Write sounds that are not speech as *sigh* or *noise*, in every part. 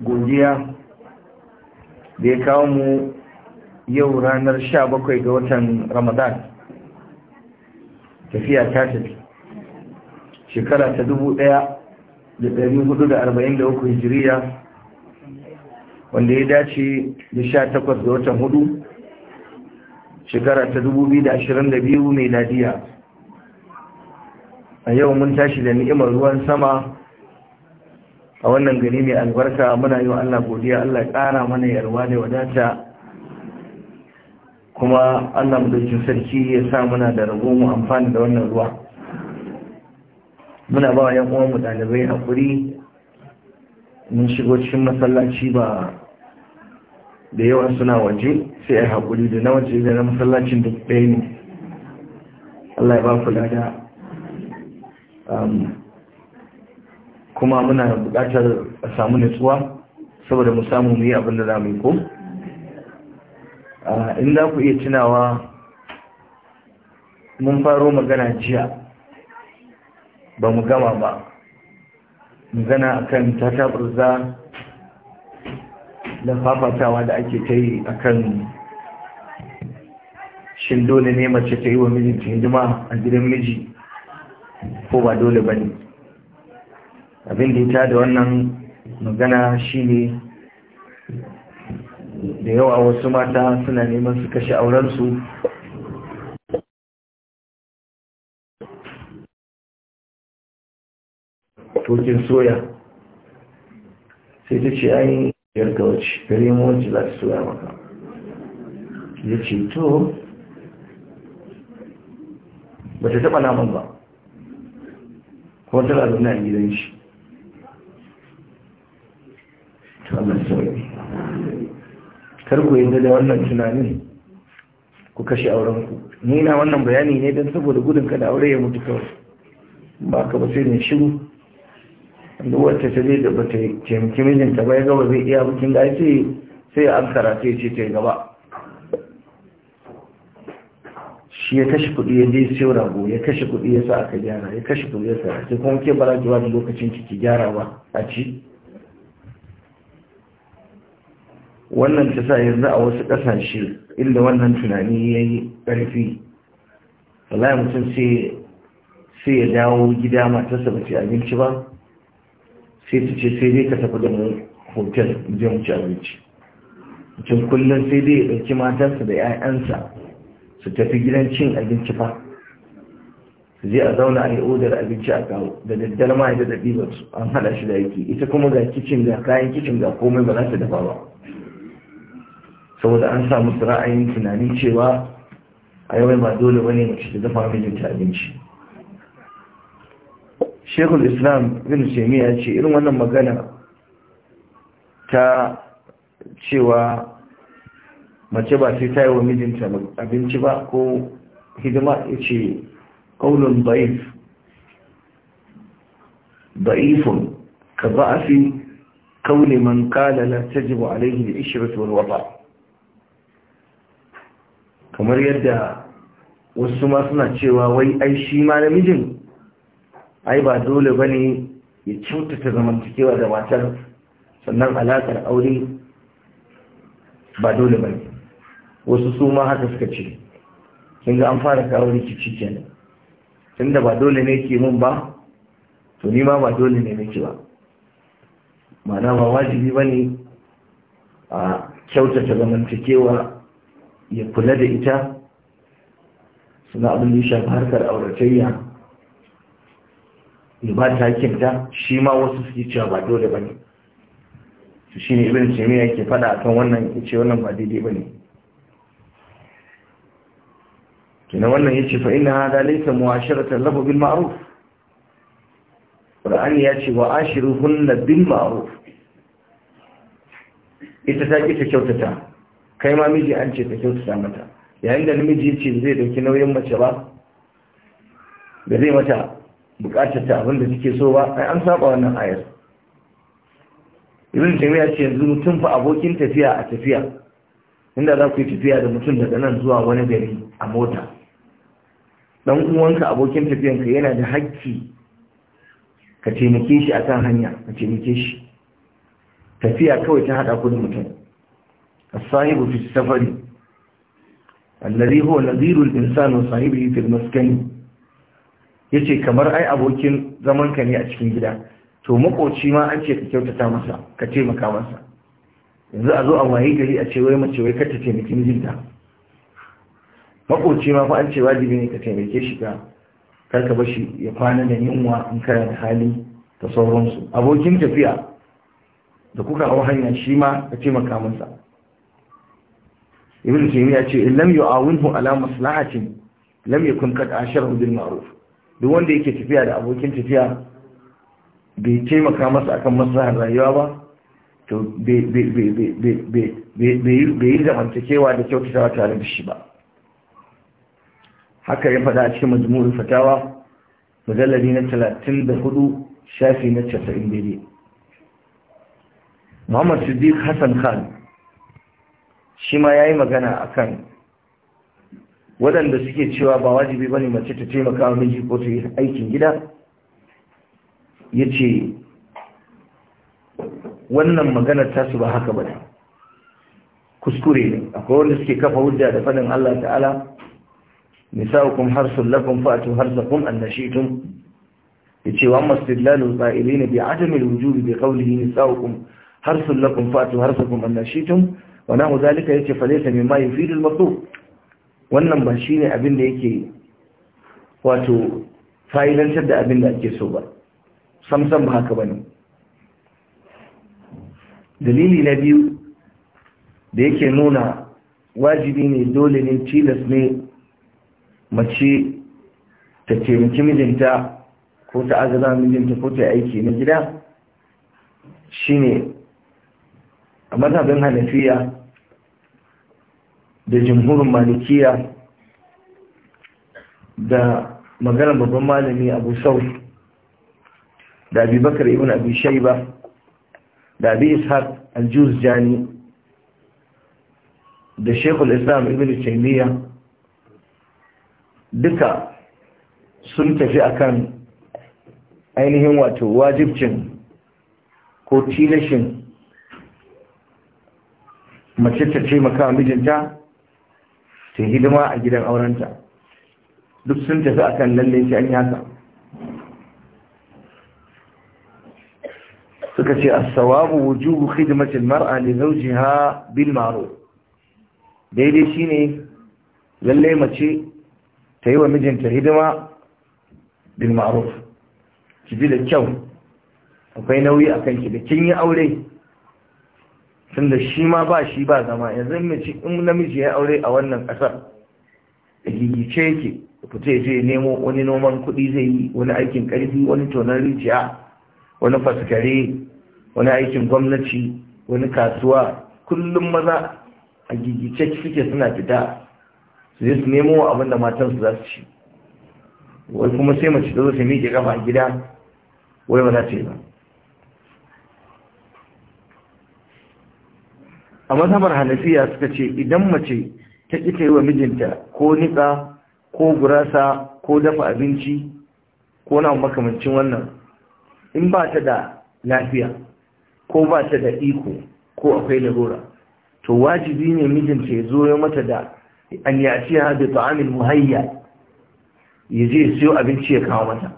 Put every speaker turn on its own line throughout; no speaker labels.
godiya da ya kawo mu yau ranar sha bakwai ga watan ramadan tafiya ta tafi shekara ta dubu ɗaya da da da arba'in da uku hijiriya wanda ya dace da sha takwas ga watan hudu shekara ta dubu biyu da da biyu mai nadiya a yau mun tashi da ni'imar ruwan sama a wannan gari mai albarka muna yi wa Allah godiya Allah ya ƙara mana yarwa da wadata kuma Allah mu madaukin sarki ya sa muna da rabo mu amfani da wannan ruwa muna ba yan uwan mu dalibai hakuri mun shigo cikin masallaci ba da yawa suna waje sai ai hakuri da na waje da na masallacin duk ɗaya ne Allah ya ba ku lada kuma muna buƙatar a samu nutsuwa saboda mu samu mu yi abin da za mu yi ko in za ku iya tunawa mun faro magana jiya ba mu gama ba magana akan burza da fafatawa da ake ta yi akan shin shindo ne mace ta yi wa mijinta hidima a gidan miji ko ba dole ba ne abin da ita da wannan magana shine da yawa wasu mata suna neman su kashe aurensu tokin soya sai ta ce ayin yarga wacce gari mu wacce za su soya maka ya ce to ba ta taɓa naman ba kuma tana zaune a gidan shi karku yin da wannan tunanin ku kashe aurenku ni na wannan bayani ne don saboda gudun kada aure ya mutu kawai ba ka ba sai ne shiru da wata ta zai da ba ta taimaki mijinta ba ya gaba zai iya bukin da ake sai an karatu ya ce ta gaba shi ya kashe kuɗi ya je siyo rago ya kashe kuɗi ya sa aka gyara ya kashe kuɗi ya sa sai kuma ke bara jiwa da lokacin ki gyara ba a ci wannan ta sa yanzu a wasu ƙasashe inda wannan tunani ya yi ƙarfi wallahi mutum sai ya dawo gida matarsa ba ce abinci ba sai ta ce sai dai ka tafi da mu hotel je mu ci abinci mutum kullum sai dai ya ɗauki matarsa da 'ya'yansa su tafi gidan cin abinci ba. zai a zauna a yi odar abinci a kawo da daddare ma ya da su, an haɗa shi da yake ita kuma ga kicin ga kayan kicin ga komai ba za ta dafa ba saboda an samu ra'ayin tunanin cewa a yawai ba dole wani mace ta dafa mijinta abinci shekul islam bin semi ya ce irin wannan magana ta cewa mace ba sai ta yi wa mijinta abinci ba ko hidima ya ce ƙaunin ba'if ba'ifun ka ba'afi kaunin man kalala ta jibu alaihi da ishirat wani wata kamar yadda wasu ma suna cewa wai ai shi ma namijin ai ba dole ba ne ya kyautata zamantakewa da matar sannan alaƙar aure ba dole ba ne wasu su ma haka suka ce sun ga an fara kawo rikici kenan tunda ba dole ne ke mun ba to ni ma ba dole ne ke ba ma'ana ba wajibi ba ne a kyautata zamantakewa ya kula da ita suna abin da ya shafi harkar auratayya ya ba ta hakinta shi ma wasu suke cewa ba dole ba ne su shi ne ibin jami'a ke fada akan wannan ya ce wannan ba daidai ba ne kina wannan ya ce fa'in na hada laisa muwashiratan lahu bin ma'ruf qur'ani ya ce wa hunna bin ma'ruf ita ta ki ta kyautata kai ma miji an ce ta kyautata mata yayin da namiji ya ce zai dauki nauyin mace ba da zai mata bukatar ta abin da suke so ba ai an saba wannan ayar ibn jami'a ce yanzu mutum fa abokin tafiya a tafiya inda za ku yi tafiya da mutum daga nan zuwa wani gari a mota dan uwanka abokin tafiyanka yana da hakki ka taimake shi akan hanya ka taimake shi tafiya kawai ta hada ku da mutum الصاحب في السفر الذي هو نظير الإنسان وصاحبه في المسكن yace kamar ai abokin zaman ka ne a cikin gida to makoci ma an ce ka kyautata masa ka taimaka masa yanzu a zo a waye gari a ce wai mace wai ka ta taimaki mijinta makoci ma fa an ce wajibi ne ka taimake shi ka kar ka bashi ya kwana da yunwa in kana da hali da sauransu abokin tafiya da kuka hau hanya shi ma ka taimaka masa ibn taymiya ce in lam yu'awinhu ala maslahatin lam yakun qad asharahu bil ma'ruf duk wanda yake tafiya da abokin tafiya bai taimaka masa akan maslahar rayuwa ba to bai yi zamantakewa da kyautatawa tare da shi ba haka ya faɗa a cikin majmu'ul fatawa mujalladi na 34 shafi na casa'in daidai Muhammad Siddiq Hassan Khan shi ma ya yi magana a kan waɗanda suke cewa ba wajibi ba ne mace ta taimaka wa miji ko ta yi aikin gida ya ce wannan maganar su ba haka ba ne kuskure ne akwai wanda suke kafa hujja da faɗin Allah ta'ala nisa'ukum harsul lakum fa'atu harsakum annashitum ce wa amma istidlalu qa'ilina bi adami alwujub bi qawlihi nisa'ukum harsul lakum fa'atu harsakum annashitum wa nahu zalika yace fa laysa mimma yufidul matlub wannan ba shine abin da yake wato fa'idantar da abin da ake so ba samsam ba haka bane dalili na biyu da yake nuna wajibi ne dole ne tilas ne mace ta taimaki mijinta ko ta azaba mijinta ko ta aiki na gida shine a mazhabin hanafiya da jimhurin malikiya da maganar babban malami abu sau da abubakar ibn abu shaiba da abu ishaq aljuz jani da shekul islam ibn taimiyya duka sun tafi akan ainihin wato wajibcin ko tilashin mace ta ce maka mijinta ta hidima a gidan aurenta duk sun tafi a kan lalle shi an yasa suka ce asawabu sawabu wujubu khidmati al-mar'a li zawjiha bil ma'ruf daidai shine lalle mace ta yi wa mijinta hidima bil ma'ruf ki bi da kyau akwai nauyi akan ki da kin yi aure tunda shi ma ba shi ba zama yanzu in namiji ya aure a wannan ƙasar da gigice yake fita ya je nemo wani noman kuɗi zai yi wani aikin ƙarfi wani tonar rijiya wani faskare wani aikin gwamnati wani kasuwa kullum maza a gigice suke suna fita su je su nemo abin da matansu za su ci wai kuma sai mace ta zo ta miƙe kafa gida wai ba za ta yi ba a mazhabar hanafiya suka ce idan mace ta ƙi yi wa mijinta ko niƙa ko gurasa ko dafa abinci ko na makamancin wannan in ba ta da lafiya ko ba ta da iko ko akwai larura to wajibi ne mijinta ya zo ya mata da an yaci ha da ta'amin muhayya ya je siyo abinci ya kawo mata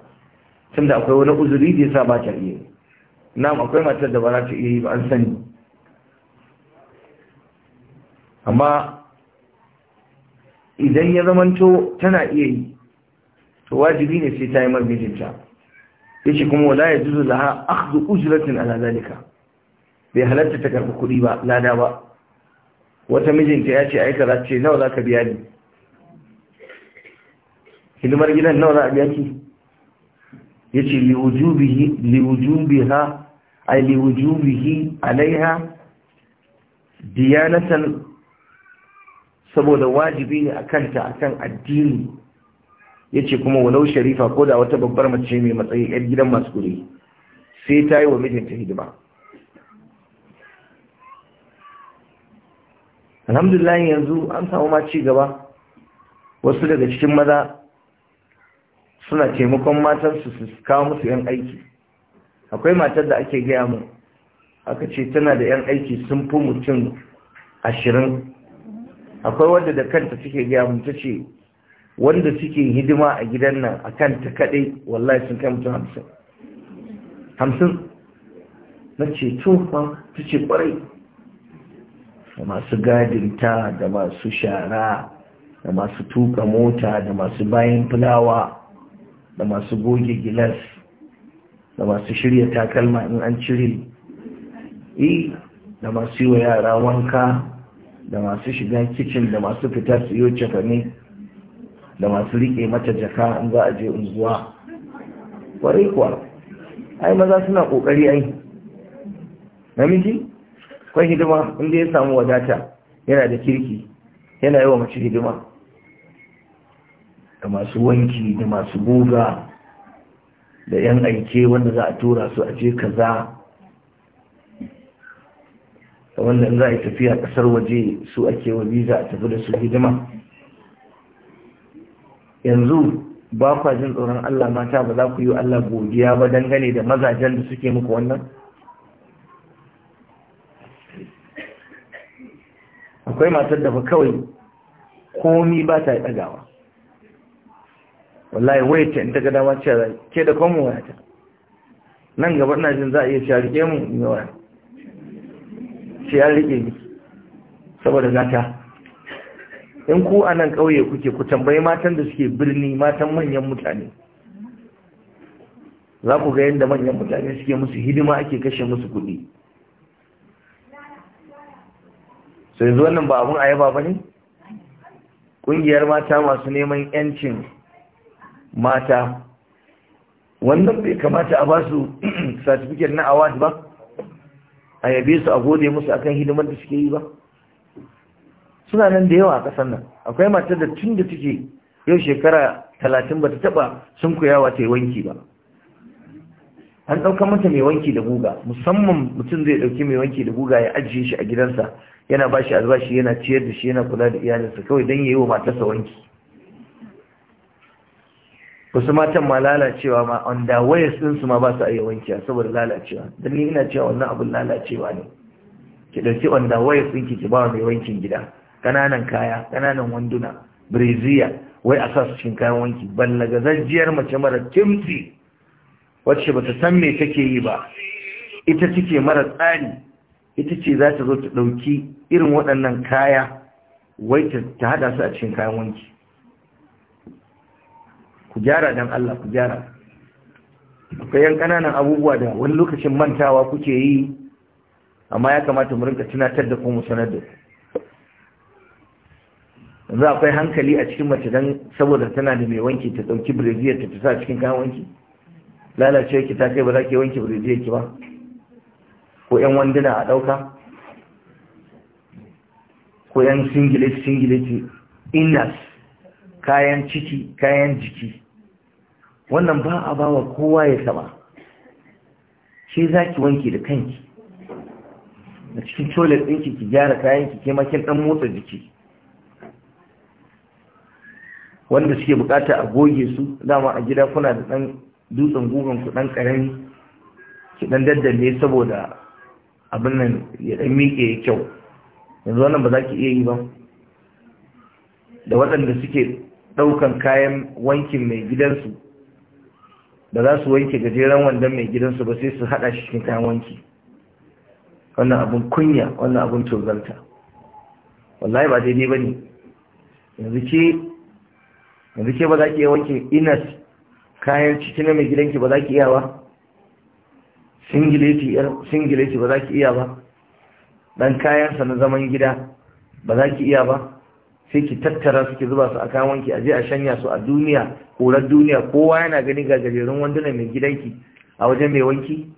tunda akwai wani uzuri da ya sa ba ta iya na'am akwai matar da ba za ta iya yi ba an sani amma idan ya zamanto tana iya yi to wajibi ne sai ta yi marmijinta ce kuma wala ya zuzu laha akhdhu ujratin ala zalika bai halatta ta karɓi kuɗi ba lada ba wata mijinta ya ce aika za ce nawa za ka biya ni hidimar gidan nawa za a biya ki ya ce a liwujubihi alaiha diyanatan saboda wajibi ne akan ta akan addini yace kuma walau sharifa ko da wata babbar mace mai matsayi yar gidan masu kuɗi sai ta yi wa mijinta hidima alhamdulillah yanzu an samu ma ci gaba wasu daga cikin maza suna taimakon matansu su kawo musu yan aiki akwai matar da ake gaya mu aka ce tana da yan aiki sun fi mutum ashirin akwai wanda da kanta suke gaya mutu ce wanda suke hidima a gidan nan a kanta kadai wallahi sun kai mutum hamsin hamsin na ce tufa ta ce kwarai da masu gadinta da masu shara da masu tuka mota da masu bayan fulawa da masu goge gilas da masu shirya takalma in an cire eh, da masu yi wa yara wanka da masu shiga kicin da masu fita su yi da masu riƙe mata jaka in za a je unguwa ƙwarai kuwa ai maza suna ƙoƙari ai namiji kwan hidima inda ya samu wadata yana da kirki yana yi wa mace hidima da masu wanki da masu goga da 'yan aike wanda za a tura su a je kaza wanda za a yi tafiya kasar waje su ake wa visa a tafi da su hidima yanzu ba kwa jin tsoron Allah mata ba za ku yi Allah godiya ba dangane da mazajen da suke muku wannan akwai matar da ba kawai komi ba ta yi ɗagawa wallahi wai ta in ta ga ma ce ke da kwamu wayata nan gaba ina jin za a iya shari'e mu in yi sai ya riƙe ni saboda gata in ku a nan ƙauye kuke ku tambayi matan da suke birni matan manyan mutane za ku ga yadda manyan mutane suke musu hidima ake kashe musu kuɗi sai yanzu wannan ba abun ayaba ba ne ƙungiyar mata masu neman 'yancin mata wannan bai kamata a ba su *coughs* certificate na award ba a yabe su a gode musu akan hidimar da suke yi ba suna nan da yawa a ƙasar nan akwai matar da tun da take yau shekara talatin ba ta taɓa sun kuyawa ta yi wanki ba an ɗauka mata mai wanki da guga musamman mutum zai ɗauki mai wanki da guga ya ajiye shi a gidansa yana bashi shi albashi yana ciyar da shi yana kula da iyalinsa kawai don ya yi wa matarsa wanki wasu matan ma lalacewa ma wanda wayar ɗinsu ma ba su ayi wankiya saboda lalacewa don ni ina cewa wannan abun lalacewa ne ki ɗauki wanda waya ɗinki ki ba mai wankin gida ƙananan kaya ƙananan wanduna breziya wai a sa cikin kayan wanki zajjiyar mace mara kimti wacce ba ta san me take yi ba ita take mara tsari ita ce za ta zo ta ɗauki irin waɗannan kaya wai ta haɗa su a cikin kayan wanki ku gyara dan Allah ku gyara akwai yan kananan abubuwa da wani lokacin mantawa kuke yi amma ya kamata mu rinka tunatar da ku mu sanar da yanzu akwai hankali a cikin mace dan saboda tana da mai wanki ta dauki brazil ta sa cikin kayan wanki lalacewa ki ta kai ba za ki wanki brazil ki ba ko yan wanduna a dauka ko yan singileti singileti inas kayan ciki kayan jiki wannan ba a bawa kowa ya saba shi za ki wanki da kanki Da cikin toilet ɗinki ki gyara kayanki ke makin ɗan motsa jiki wanda suke bukata a goge su dama a gida kuna da ɗan dutsen gugan ku ɗan ƙarami ki ɗan daddane saboda abin nan ya ɗan miƙe ya kyau yanzu wannan ba za ki iya yi ba da waɗanda suke ɗaukan kayan wankin mai gidansu ba za su wanke gajeren wandon mai gidansu ba sai su haɗa shi cikin kayan wanki wannan abin kunya wannan abin tozarta wallahi ba daidai ba ne yanzu ke ba za ki iya wanke inas kayan cikin mai gidanki ba za ki iya ba singileti ba za ki iya ba dan kayansa na zaman gida ba za ki iya ba sai ki tattara su ki zuba su a kawon ki a a shanya su a duniya korar duniya kowa yana gani ga gajerun wanduna mai gidanki a wajen mai wanki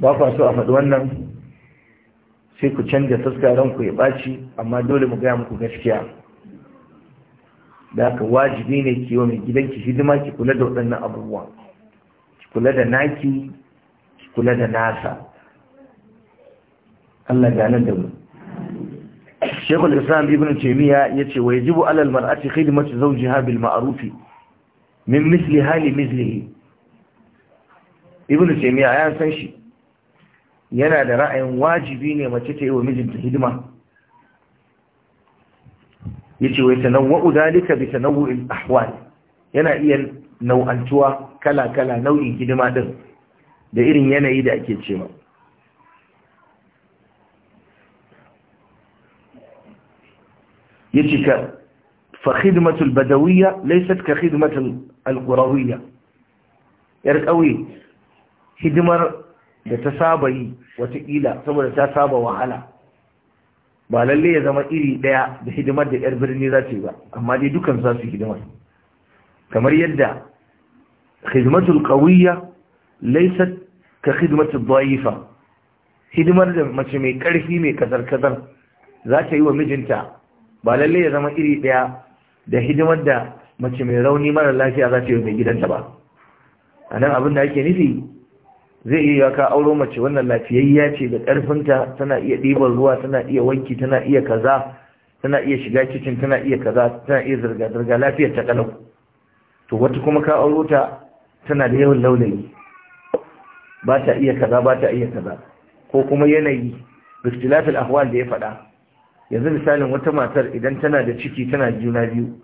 ba kwa so a faɗi wannan sai ku canja taskaran ku ya ɓaci amma dole mu gaya muku gaskiya da ka wajibi ne ki wa mai gidanki hidima ki kula da waɗannan abubuwa ki kula da naki ki kula da nasa Allah ganar da mu shekul islam ibn taymiya yace wa yajibu alal mar'ati khidmatu zawjiha bil ma'ruf min misli hali mislihi ibn taymiya ya san shi yana da ra'ayin wajibi ne mace ta yi wa mijinta hidima yace wa yatanawwa'u dalika bi tanawwu'il ahwal yana iya nau'antuwa kala kala nau'in hidima din da irin yanayi da ake cewa Ya cika fa khidmatul badawiyya laysat ka khidmatul alqurawiyya yar ƙauye, hidimar da ta saba yi watakila saboda ta saba wahala ba lalle ya zama iri ɗaya da hidimar da yar birni za ta yi ba amma dai dukan za su hidimar kamar yadda hidimatul qawiyya laysat ka khidmatul dha'ifa hidimar da mace mai karfi mai kazar kazar za ta yi wa mijinta ba lalle ya zama iri ɗaya da hidimar da mace mai rauni mara lafiya za ta yi mai gidanta ba a nan abin da ake nufi zai iya ka auro mace wannan lafiyayya ce da ƙarfinta tana iya ɗiban ruwa tana iya wanki tana iya kaza tana iya shiga kicin tana iya kaza tana iya zirga-zirga lafiyar ta kalau to wata kuma ka auro ta tana da yawan laulayi ba ta iya kaza ba ta iya kaza ko kuma yanayi bistilatul ahwal da ya faɗa yanzu misalin wata matar idan tana da ciki tana juna biyu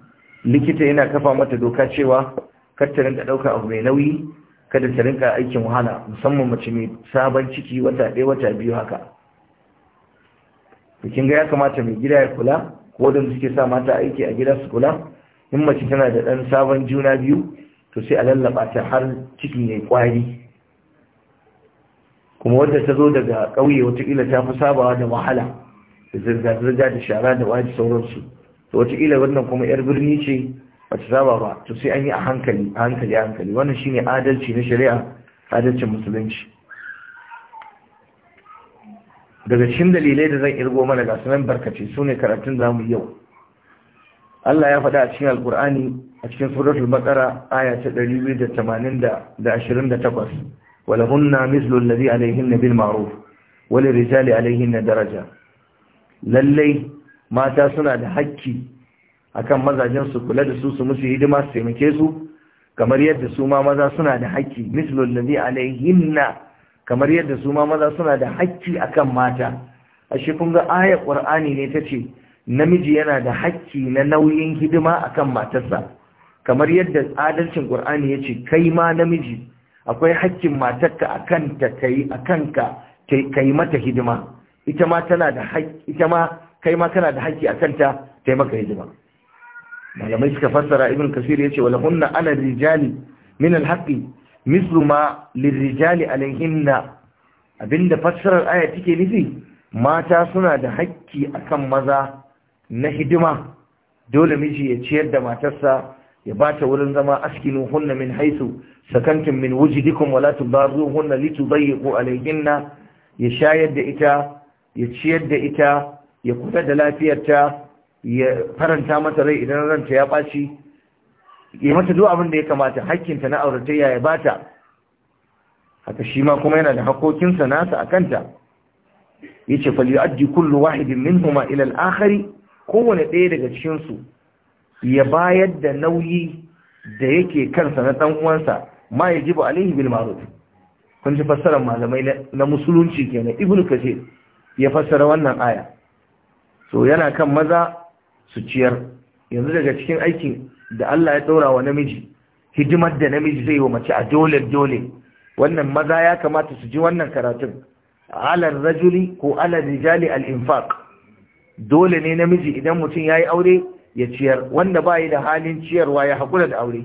likita yana kafa mata doka cewa kar ta rinka ɗauka abu mai nauyi kada ta rinka aikin wahala musamman mace mai sabon ciki wata ɗaya wata biyu haka bikin ga ya kamata mai gida ya kula ko da suke sa mata aiki a gida su kula in mace tana da ɗan sabon juna biyu to sai a lallaba ta har cikin ya kwari kuma wadda ta zo daga ƙauye wata ta fi sabawa da wahala zirga-zirga da shara da waje sauransu to wataƙila wannan kuma yar birni ce ba ta saba ba to sai an yi a hankali a hankali a hankali wannan adalci na shari'a adalcin musulunci daga cikin dalilai da zan irgo mana ga sunan barkace su ne karatun zamuyi yau Allah ya faɗa a cikin alkur'ani a cikin suratul baqara aya ta 288 walahunna mislu alladhi alayhinna bil ma'ruf wa lirijali na daraja lallai mata suna da hakki akan mazajen su kula da su su musu hidima su taimake su kamar yadda su ma maza suna da hakki mislul ladhi alayhinna kamar yadda su ma maza suna da hakki akan mata ashe kun ga ayar qur'ani ne tace namiji yana da hakki na nauyin hidima akan matarsa kamar yadda adalcin qur'ani yace kai ma namiji akwai hakkin matarka akan ta kai akan ka kai mata hidima ita ma tana da haƙƙi ita ma kai ma kana da haƙƙi a kanta ta maka hidima malamai suka fassara ibn kasir yace wala hunna ana rijali min alhaqi mislu ma rijali alaihinna abinda fassarar aya take nufi mata suna da haƙƙi akan maza na hidima dole miji ya ciyar da matarsa ya bata wurin zama askinu hunna min haisu sakantum min wujidikum wala tudaruhunna litudayyiqu alaihinna ya shayar da ita ya ciyar da ita ya kula da lafiyarta ya faranta mata rai idan ranta ya ɓaci ya mata duk abin da ya kamata hakkinta na auratayya ya bata haka shi ma kuma yana da hakokinsa nasa a kanta ya ce fali addi kullu wahidin min huma ilal akhari kowane ɗaya daga cikinsu ya bayar da nauyi da yake kansa na ɗan uwansa ma ya jibu alaihi bil ma'ruf kun ji fassarar malamai na musulunci kenan ibnu kasir ya fassara wannan aya so yana kan maza su ciyar yanzu daga cikin aikin da Allah ya ɗora wa namiji hidimar da namiji zai yi wa mace a dole dole wannan maza ya kamata su ji wannan karatun alal rajuli ko alal rijali al-infaq dole ne namiji idan mutum yayi aure ya ciyar wanda bai da halin ciyarwa ya hakura da aure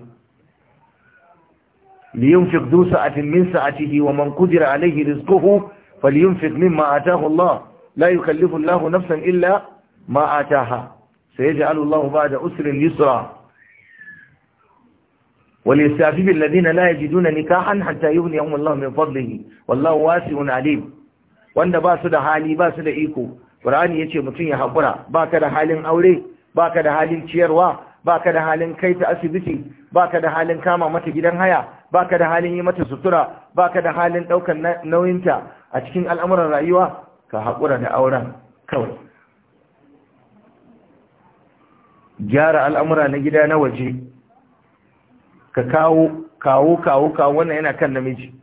li yunfiq dusa atin min sa'atihi wa man qadira alayhi rizquhu فلينفق مما آتاه الله لا يكلف الله نفسا إلا ما آتاها سيجعل الله بعد أسر يسرا وليستعفف الذين لا يجدون نكاحا حتى يغنيهم الله من فضله والله واسع عليم وأن باسد حالي باسد إيكو قرآن su da iko باكد حال أولي باكد حال تيروا baka da halin kai ta asibiti baka da halin kama mata gidan haya baka da halin yi mata sutura baka da halin ɗaukar nauyinta a cikin al'amuran rayuwa ka haƙura da auren kawai gyara al'amura na gida na waje ka kawo kawo kawo kawo wannan yana kan namiji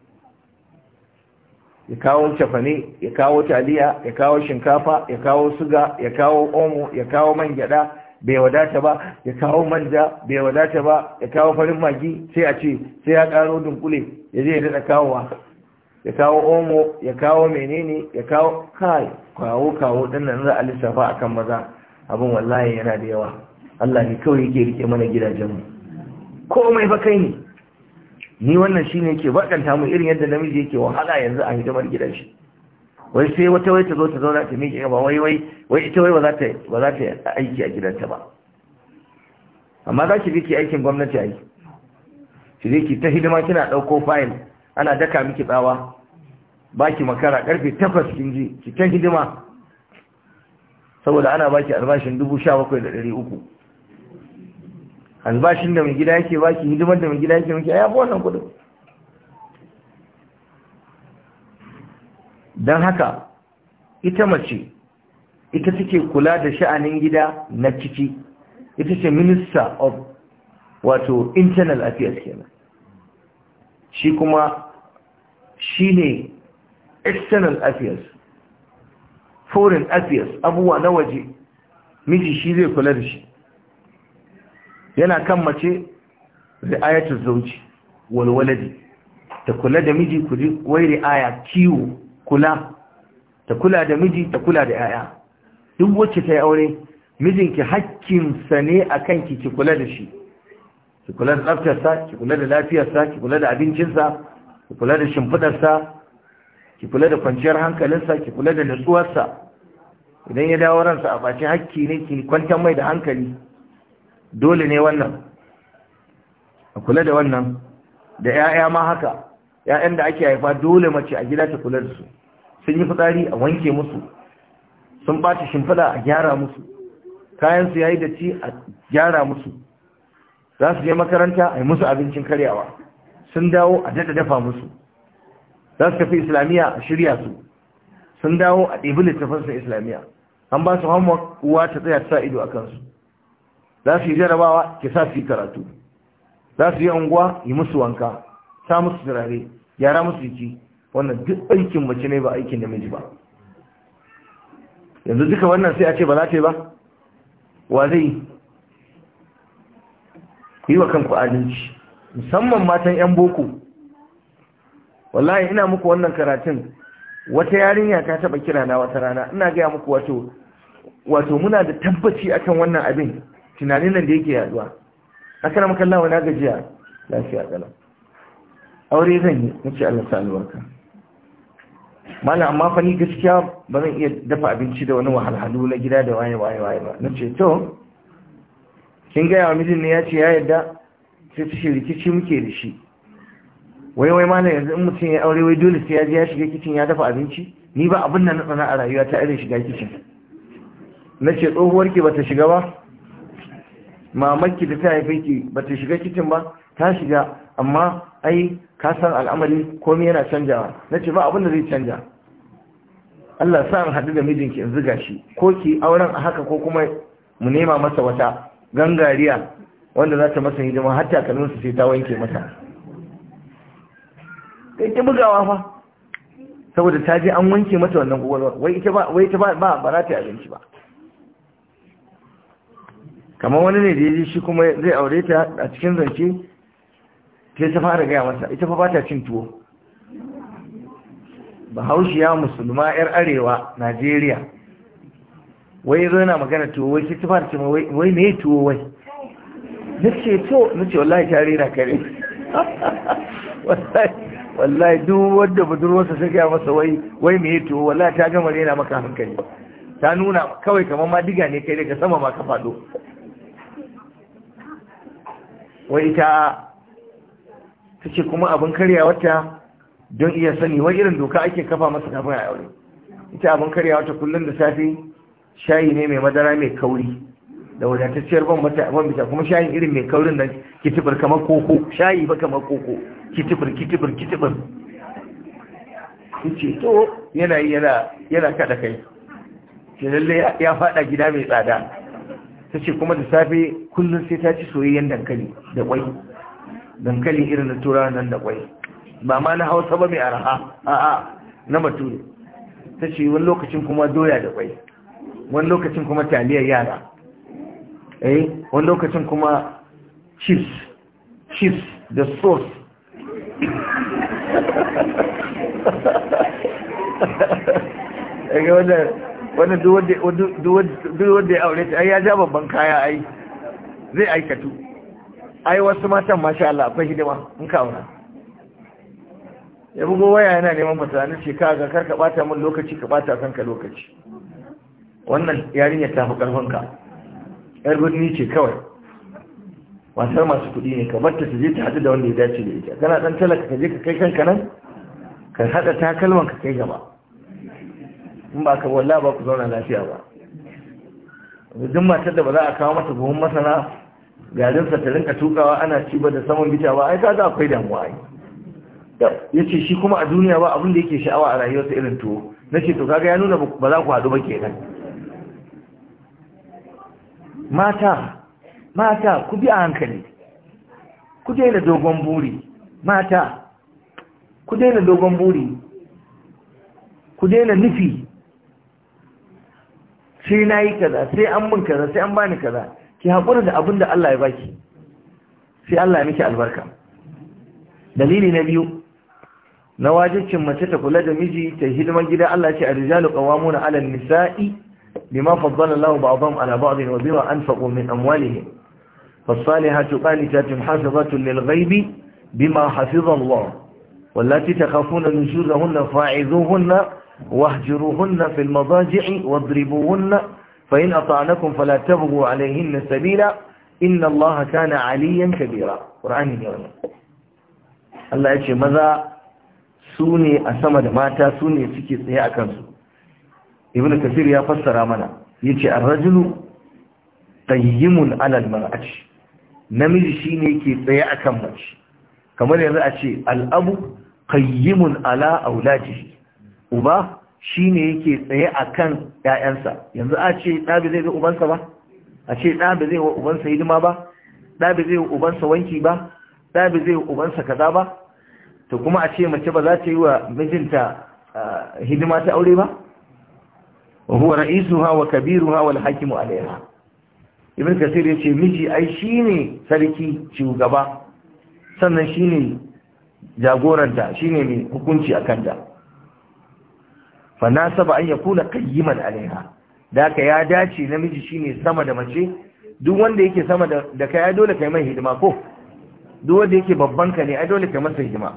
ya kawo cafane ya kawo taliya ya kawo shinkafa ya kawo suga ya kawo omo ya kawo man gyada bai wadata ba ya kawo manja bai wadata ba ya kawo farin magi sai a ce sai ya karo dunkule ya je ya daɗa kawowa ya kawo omo ya kawo menene ya kawo kai kawo kawo nan za a lissafa akan maza abin wallahi yana da yawa Allah ne kawai yake rike mana gidajenmu komai fa kai ne ni wannan shine yake bakanta mu irin yadda namiji yake wahala yanzu a hidimar gidan shi wai sai wata wai ta zo ta zauna ta miƙe gaba wai wai wai ita wai ba za ta yi aiki a gidanta ba amma za ki bi ki aikin gwamnati a yi ki zai ki ta hidima kina ɗauko fayil ana daka miki tsawa baki makara ƙarfe, takwas kin ji ki ta hidima saboda ana baki albashin dubu sha bakwai da ɗari uku albashin da mai gida yake baki hidimar da mai gida yake miki ya fi wannan kuɗin don haka ita mace ita take kula da sha'anin gida na ciki ita ce minister of wato internal affairs kenan shi kuma shi ne external affairs foreign affairs abubuwa na waje miji shi zai kula da shi yana kan mace ri'ayatul zauji wal waladi ta kula da miji kuje wai ri'aya kiwo kula ta kula da miji ta kula da 'ya'ya duk wacce ta yi aure mijinki hakkinsa ne a kanki ki kula da shi ki kula da tsaftarsa ki kula da lafiyarsa ki kula da abincinsa ki kula da shimfidarsa ki kula da kwanciyar hankalinsa ki kula da nutsuwarsa idan ya dawo ransa a bace hakki ne ki kwantar mai da hankali dole ne wannan a kula da wannan da 'ya'ya ma haka 'ya'yan da ake haifa dole mace a gida ta kula da su sun yi fitsari a wanke musu sun ta shimfiɗa a gyara musu kayan su yayi da ci a gyara musu za su je makaranta a yi musu abincin karyawa sun dawo a dada dafa musu za su tafi islamiyya a shirya su sun dawo a ɗebi littafansu islamiyya an ba su homework uwa ta tsaya sa ido a kansu za su yi jarabawa ki sa su yi karatu za su yi unguwa yi musu wanka sa musu turare gyara musu jiki wannan duk aikin mace ne ba aikin namiji ba yanzu duka wannan sai a ce ba za ta yi ba wa zai ku yi wa kanku adalci musamman matan 'yan boko wallahi ina muku wannan karatun wata yarinya ta taba kira na wata rana ina gaya muku wato wato muna da tabbaci akan wannan abin tunanin nan da yake yaduwa akana makallawa na gajiya lafiya kalam aure zan yi ce Allah ta albarka mallam amma fa ni gaskiya ba zan iya dafa abinci da wani wahalhalu na gida da waye waye waye ba nace to kin ga yawa mijin ne ya ce ya yarda sai ta rikici muke da shi wai wai mallam yanzu in mutum ya aure wai dole sai ya je ya shiga kicin ya dafa abinci ni ba abin nan na tsana a rayuwa ta irin shiga kicin nace tsohuwar ki bata shiga ba Mamaki da ta haife ki bata shiga kicin ba ta shiga amma ai ka san al'amari komai yana canjawa na ce ba abin zai canja Allah sa haɗu da mijinki in ziga shi ko ki auren a haka ko kuma mu nema masa wata gangariya wanda za ta masa hidima har takalminsa sai ta wanke mata kai ta bugawa fa saboda ta je an wanke mata wannan kwakwalwar wai ita ba wai ita ba ba ba ta abinci ba kamar wani ne da ya ji shi kuma zai aure ta a cikin zance sai ta fara gaya masa ita fa ba ta cin tuwo ya musulma yar arewa najeriya wai zo yana magana tuwo wai sai ta fara cewa wai me tuwo wai na ce to na ce wallahi ta rera kare *laughs* wallahi duk wadda budurwarsa sai gaya masa wai wai me tuwo wallahi ta gama rena maka hankali ta nuna kawai kamar ma diga ne kai daga sama ma ka faɗo wai ta. ta ce kuma abin karya wata don iya sani wani irin doka ake kafa masa kafin a aure ita abin karya wata kullum da safe shayi ne mai madara mai kauri da wadatacciyar ban bita kuma shayin irin mai kaurin nan kitibir kamar koko shayi ba kamar koko kitibir kitibir kitibir ce to yana yana kada kai ce lalle ya fada gida mai tsada ta ce kuma da safe kullum sai ta ci soyayyen dankali da kwai dankali irin na tura nan da kwai ba ma na hausa ba mai araha. a'a na bature ta ce wani lokacin kuma doya da kwai wani lokacin kuma taliyar yara eh wani lokacin kuma chips chips da sauce *laughs* wannan duk wanda ya aure ta ya ja babban kaya ai zai aikatu ai wasu matan masha Allah akwai hidima in ka aura ya bugo waya yana neman mutane ce ka ga kar ka bata min lokaci ka bata kanka lokaci wannan yarinya ta fi karfin ka yar birni ce kawai wasar masu kuɗi ne ka barta ta je ta haɗu da wanda ya dace da ita kana ɗan talaka ka je ka kai kanka nan ka haɗa takalman ka kai gaba in ba ka walla ba ku zauna lafiya ba duk matar da ba za a kawo mata buhun masana garinsa ta rinka tukawa ana ci ba da saman bitawa ai kaza akwai damuwa ai ya ce shi kuma a duniya ba abin da yake sha'awa a rayuwarsa irin tuwo na ce to kaga ya nuna ba za ku haɗu ba kenan mata mata ku bi a hankali ku daina dogon buri mata ku daina dogon buri ku daina nufi sai na yi kaza sai an mun kaza sai an bani kaza ki haƙura da abin da Allah ya baki sai Allah ya miki albarka dalili na biyu na wajibcin mace ta kula da miji ta hidimar gida Allah ce a rijalu qawamuna 'ala an-nisa'i bima faddala Allahu ba'dhum 'ala ba'din wa bima anfaqu min amwalihim fas-salihatu qanitatun قانتات lil للغيب bima حفظ Allah wallati takhafuna نشوزهن fa'idhuhunna wahjuruhunna fil-madaji'i wadribuhunna فإن أطعنكم فلا تبغوا عليهن سبيلا إن الله كان عليا كبيرا قرآن يوم الله يقول ماذا سوني أسمد ماتا سوني سكي سيئة كنسو ابن كثير يا فسر منا يقول الرجل قيم على المرأة namiji shine ke tsaye akan mace kamar yanzu a ce al'abu qayyimun ala aulajihi uba shi ne yake tsaye a kan ‘ya'yansa yanzu a ce ɗabi zai ga ubansa ba a ce ɗabi zai wa ubansa hidima ba ɗabi zai wa ubansa wanki ba ɗabi zai wa ubansa kaza ba to kuma a ce mace ba za ta yi wa mijinta hidima ta aure ba huwa ra'isu ha wa ha wal hakimu alaiha ibn kasir ce miji ai shine sarki shugaba sannan shine jagoranta shine mai hukunci a kanta. fa an an yakuna kayyiman alaiha daka ya dace namiji shine sama da mace duk wanda yake sama da kai ai dole yi mai hidima ko duk wanda yake babban ka ne ai dole kai masa hidima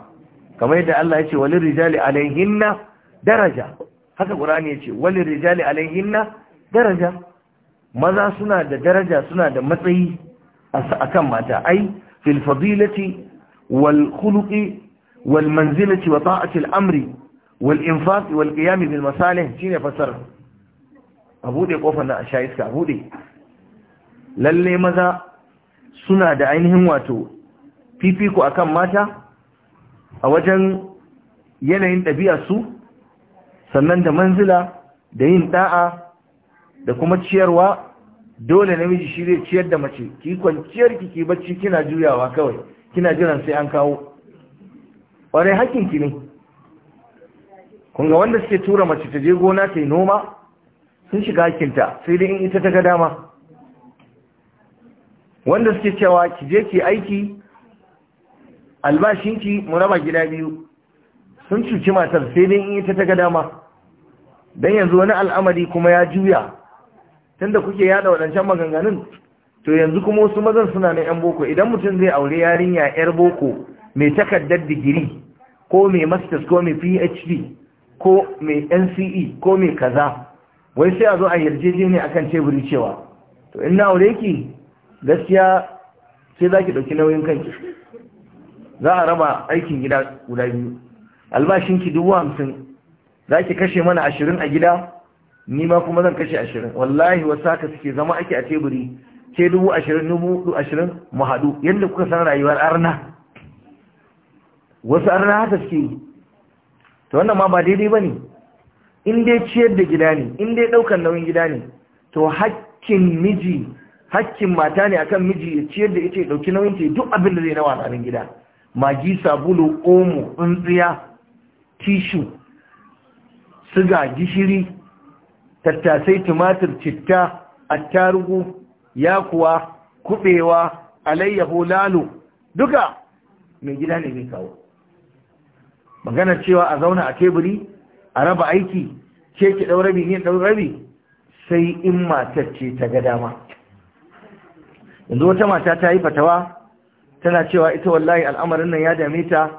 kamar yadda Allah ya ce walil rijali alaihinna daraja haka Qur'ani ya ce walil rijali alaihinna daraja maza suna da daraja suna da matsayi akan mata ai fil fadilati wal khuluqi wal manzilati wa ta'ati al amri wal infaq wal bil masalih shine fasar a bude kofar na sha iska a bude lalle maza suna da ainihin wato fifiko akan mata a wajen yanayin ɗabi'ar su sannan da manzila da yin da'a da kuma ciyarwa dole namiji shi zai ciyar da mace ki kwanciyar ki ki bacci kina juyawa kawai kina jiran sai an kawo ƙwarai hakkin ki ne kun ga wanda suke tura mace ta je gona ta yi noma sun shiga hakinta sai dai in ita ta ga dama wanda suke cewa ki je ki aiki albashinki mu raba gida biyu sun cuci matar sai dai in ita ta ga dama don yanzu wani al'amari kuma ya juya tunda kuke yada waɗancan maganganun to yanzu kuma wasu mazan suna na 'yan boko idan mutum zai aure yarinya 'yar boko mai takardar digiri ko mai masters ko mai phd ko mai nce ko mai kaza wai sai a zo a yarjejeniya kan teburi cewa to in na aure ki gaskiya sai za ki ɗauki nauyin kanki za a raba aikin gida guda biyu albashinki dubu hamsin za ki kashe mana ashirin a gida ni ma kuma zan kashe ashirin wallahi wasu haka suke zama ake a teburi ke dubu ashirin dubu ashirin mu haɗu yadda kuka san rayuwar arna wasu arna haka suke to wannan ma ba daidai ba ne in dai ciyar da gida ne in dai ɗaukar nauyin gida ne to hakkin miji hakkin mata ne akan miji ya ciyar da ita ya ɗauki nauyin ta duk abin da zai na wasanin gida magi sabulu omo tsuntsiya tishu siga gishiri tattasai tumatir citta attarugu yakuwa kuɓewa alayyahu lalo duka mai gida ne zai kawo magana cewa a zauna a teburi a raba aiki ce ki ɗau rabi ne ɗau rabi sai in matar ce ta ga dama yanzu wata mata ta yi fatawa tana cewa ita wallahi al'amarin nan ya dame ta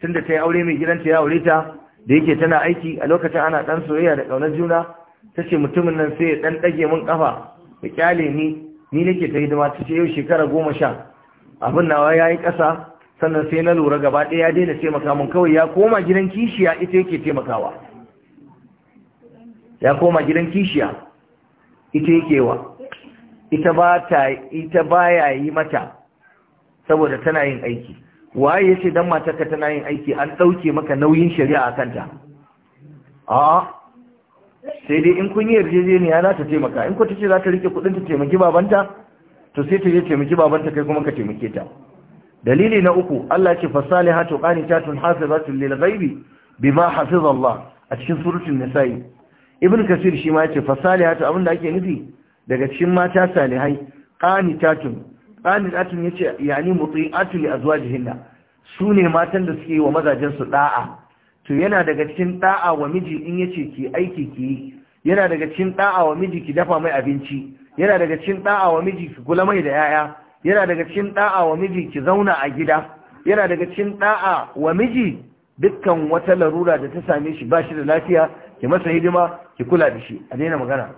tunda ta yi aure mai gidanta ya aure ta da yake tana aiki a lokacin ana ɗan soyayya da ƙaunar juna ta ce mutumin nan sai ya ɗan ɗage min ƙafa ya kyale ni ni nake ta hidima ta ce yau shekara goma sha abin nawa ya yi ƙasa sannan sai na lura gaba ɗaya ya daina taimaka mun kawai ya koma gidan kishiya ita yake taimakawa ya koma gidan kishiya ita yake wa ita ba ta ita baya yi mata saboda tana yin aiki waye yace dan matarka tana yin aiki an dauke maka nauyin shari'a a kanta a sai dai in kun yi yarjejeniya za ta taimaka in ku tace za ta rike kudin ta taimaki babanta to sai ta je taimaki babanta kai kuma ka taimake ta dalili na uku Allah ce fasalihatu qanitatun hafizatun lil ghaibi bima hafiz Allah a cikin suratul nisa'i ibn kasir shi ma yace fasalihatu abinda ake nufi daga cikin mata salihai qanitatun qanitatun yace yani muti'atu li azwajihinna sune matan da suke wa mazajen su da'a to yana daga cikin da'a wa miji in yace ki aiki ki yana daga cikin da'a wa miji ki dafa mai abinci yana daga cikin da'a wa miji ki kula mai da yaya yana daga cikin da'a wa miji ki zauna a gida yana daga cikin da'a wa miji dukkan wata larura da ta same shi ba shi da lafiya ki masa hidima ki kula da shi a daina magana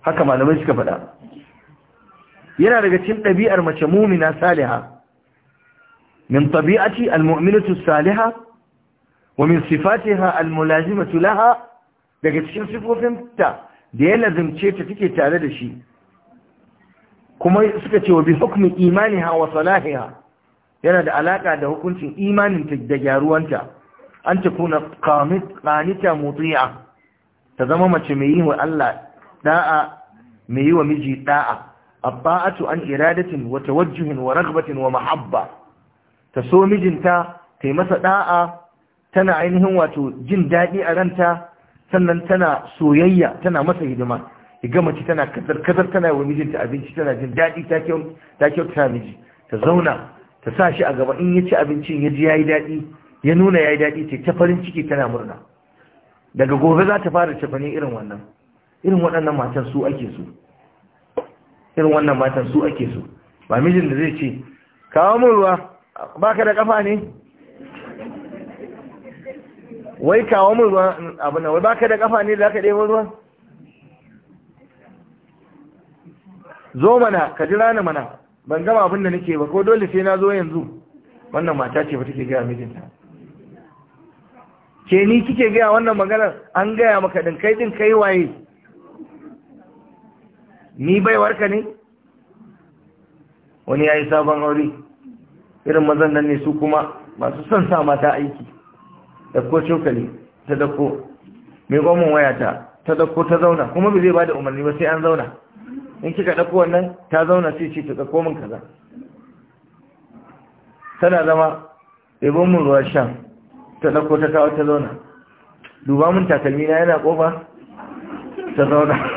haka malamai suka faɗa yana daga cikin ɗabi'ar mace mumina saliha min tabi'ati almu'minatu saliha wa min sifatiha almulazimatu laha daga cikin sifofinta da ya lazimce ta take tare da shi kuma suka ce wa bi imani imaniha wa salahiha yana da alaka da hukuncin ta da gyaruwanta an ta kuna qanita muti'a ta zama mace mai yi wa Allah da'a mai yi wa miji da'a abba'atu an iradatin wata tawajjuhin wa ragbatin wa mahabba ta so mijinta ta yi masa da'a tana ainihin wato jin daɗi a ranta sannan tana soyayya tana masa hidima ga mace tana kazar kazar tana wa mijinta abinci tana jin daɗi ta kyau ta kyau ta miji ta zauna ta sa shi a gaba in ya ci abincin ya ji yayi daɗi ya nuna yayi daɗi ce ta farin ciki tana murna daga gobe za ta fara tafani irin wannan irin waɗannan matan su ake su irin wannan matan su ake so ba mijin da zai ce kawo mun ruwa baka da kafa ne wai kawo mun ruwa abu na wai baka da kafa ne da ka ɗaya ruwa zo mana ka jira ni mana ban gama abin da nake ba ko dole sai na zo yanzu wannan mata ce ba take gaya mijinta ke ni kike gaya wannan maganar an gaya maka din kai din kai waye ni baiwarka ne wani ya yi sabon aure irin mazan nan ne su kuma masu son sa mata aiki da ko cokali ta dako mai gwamnan wayata ta dako ta zauna kuma bai zai ba da umarni ba sai an zauna in kika ɗauko wannan ta zauna sai ce ta ɗauko min kaza tana zama ɗebo mun ruwa sha ta ɗauko ta kawo ta zauna duba min takalmi na yana ƙofa ta zauna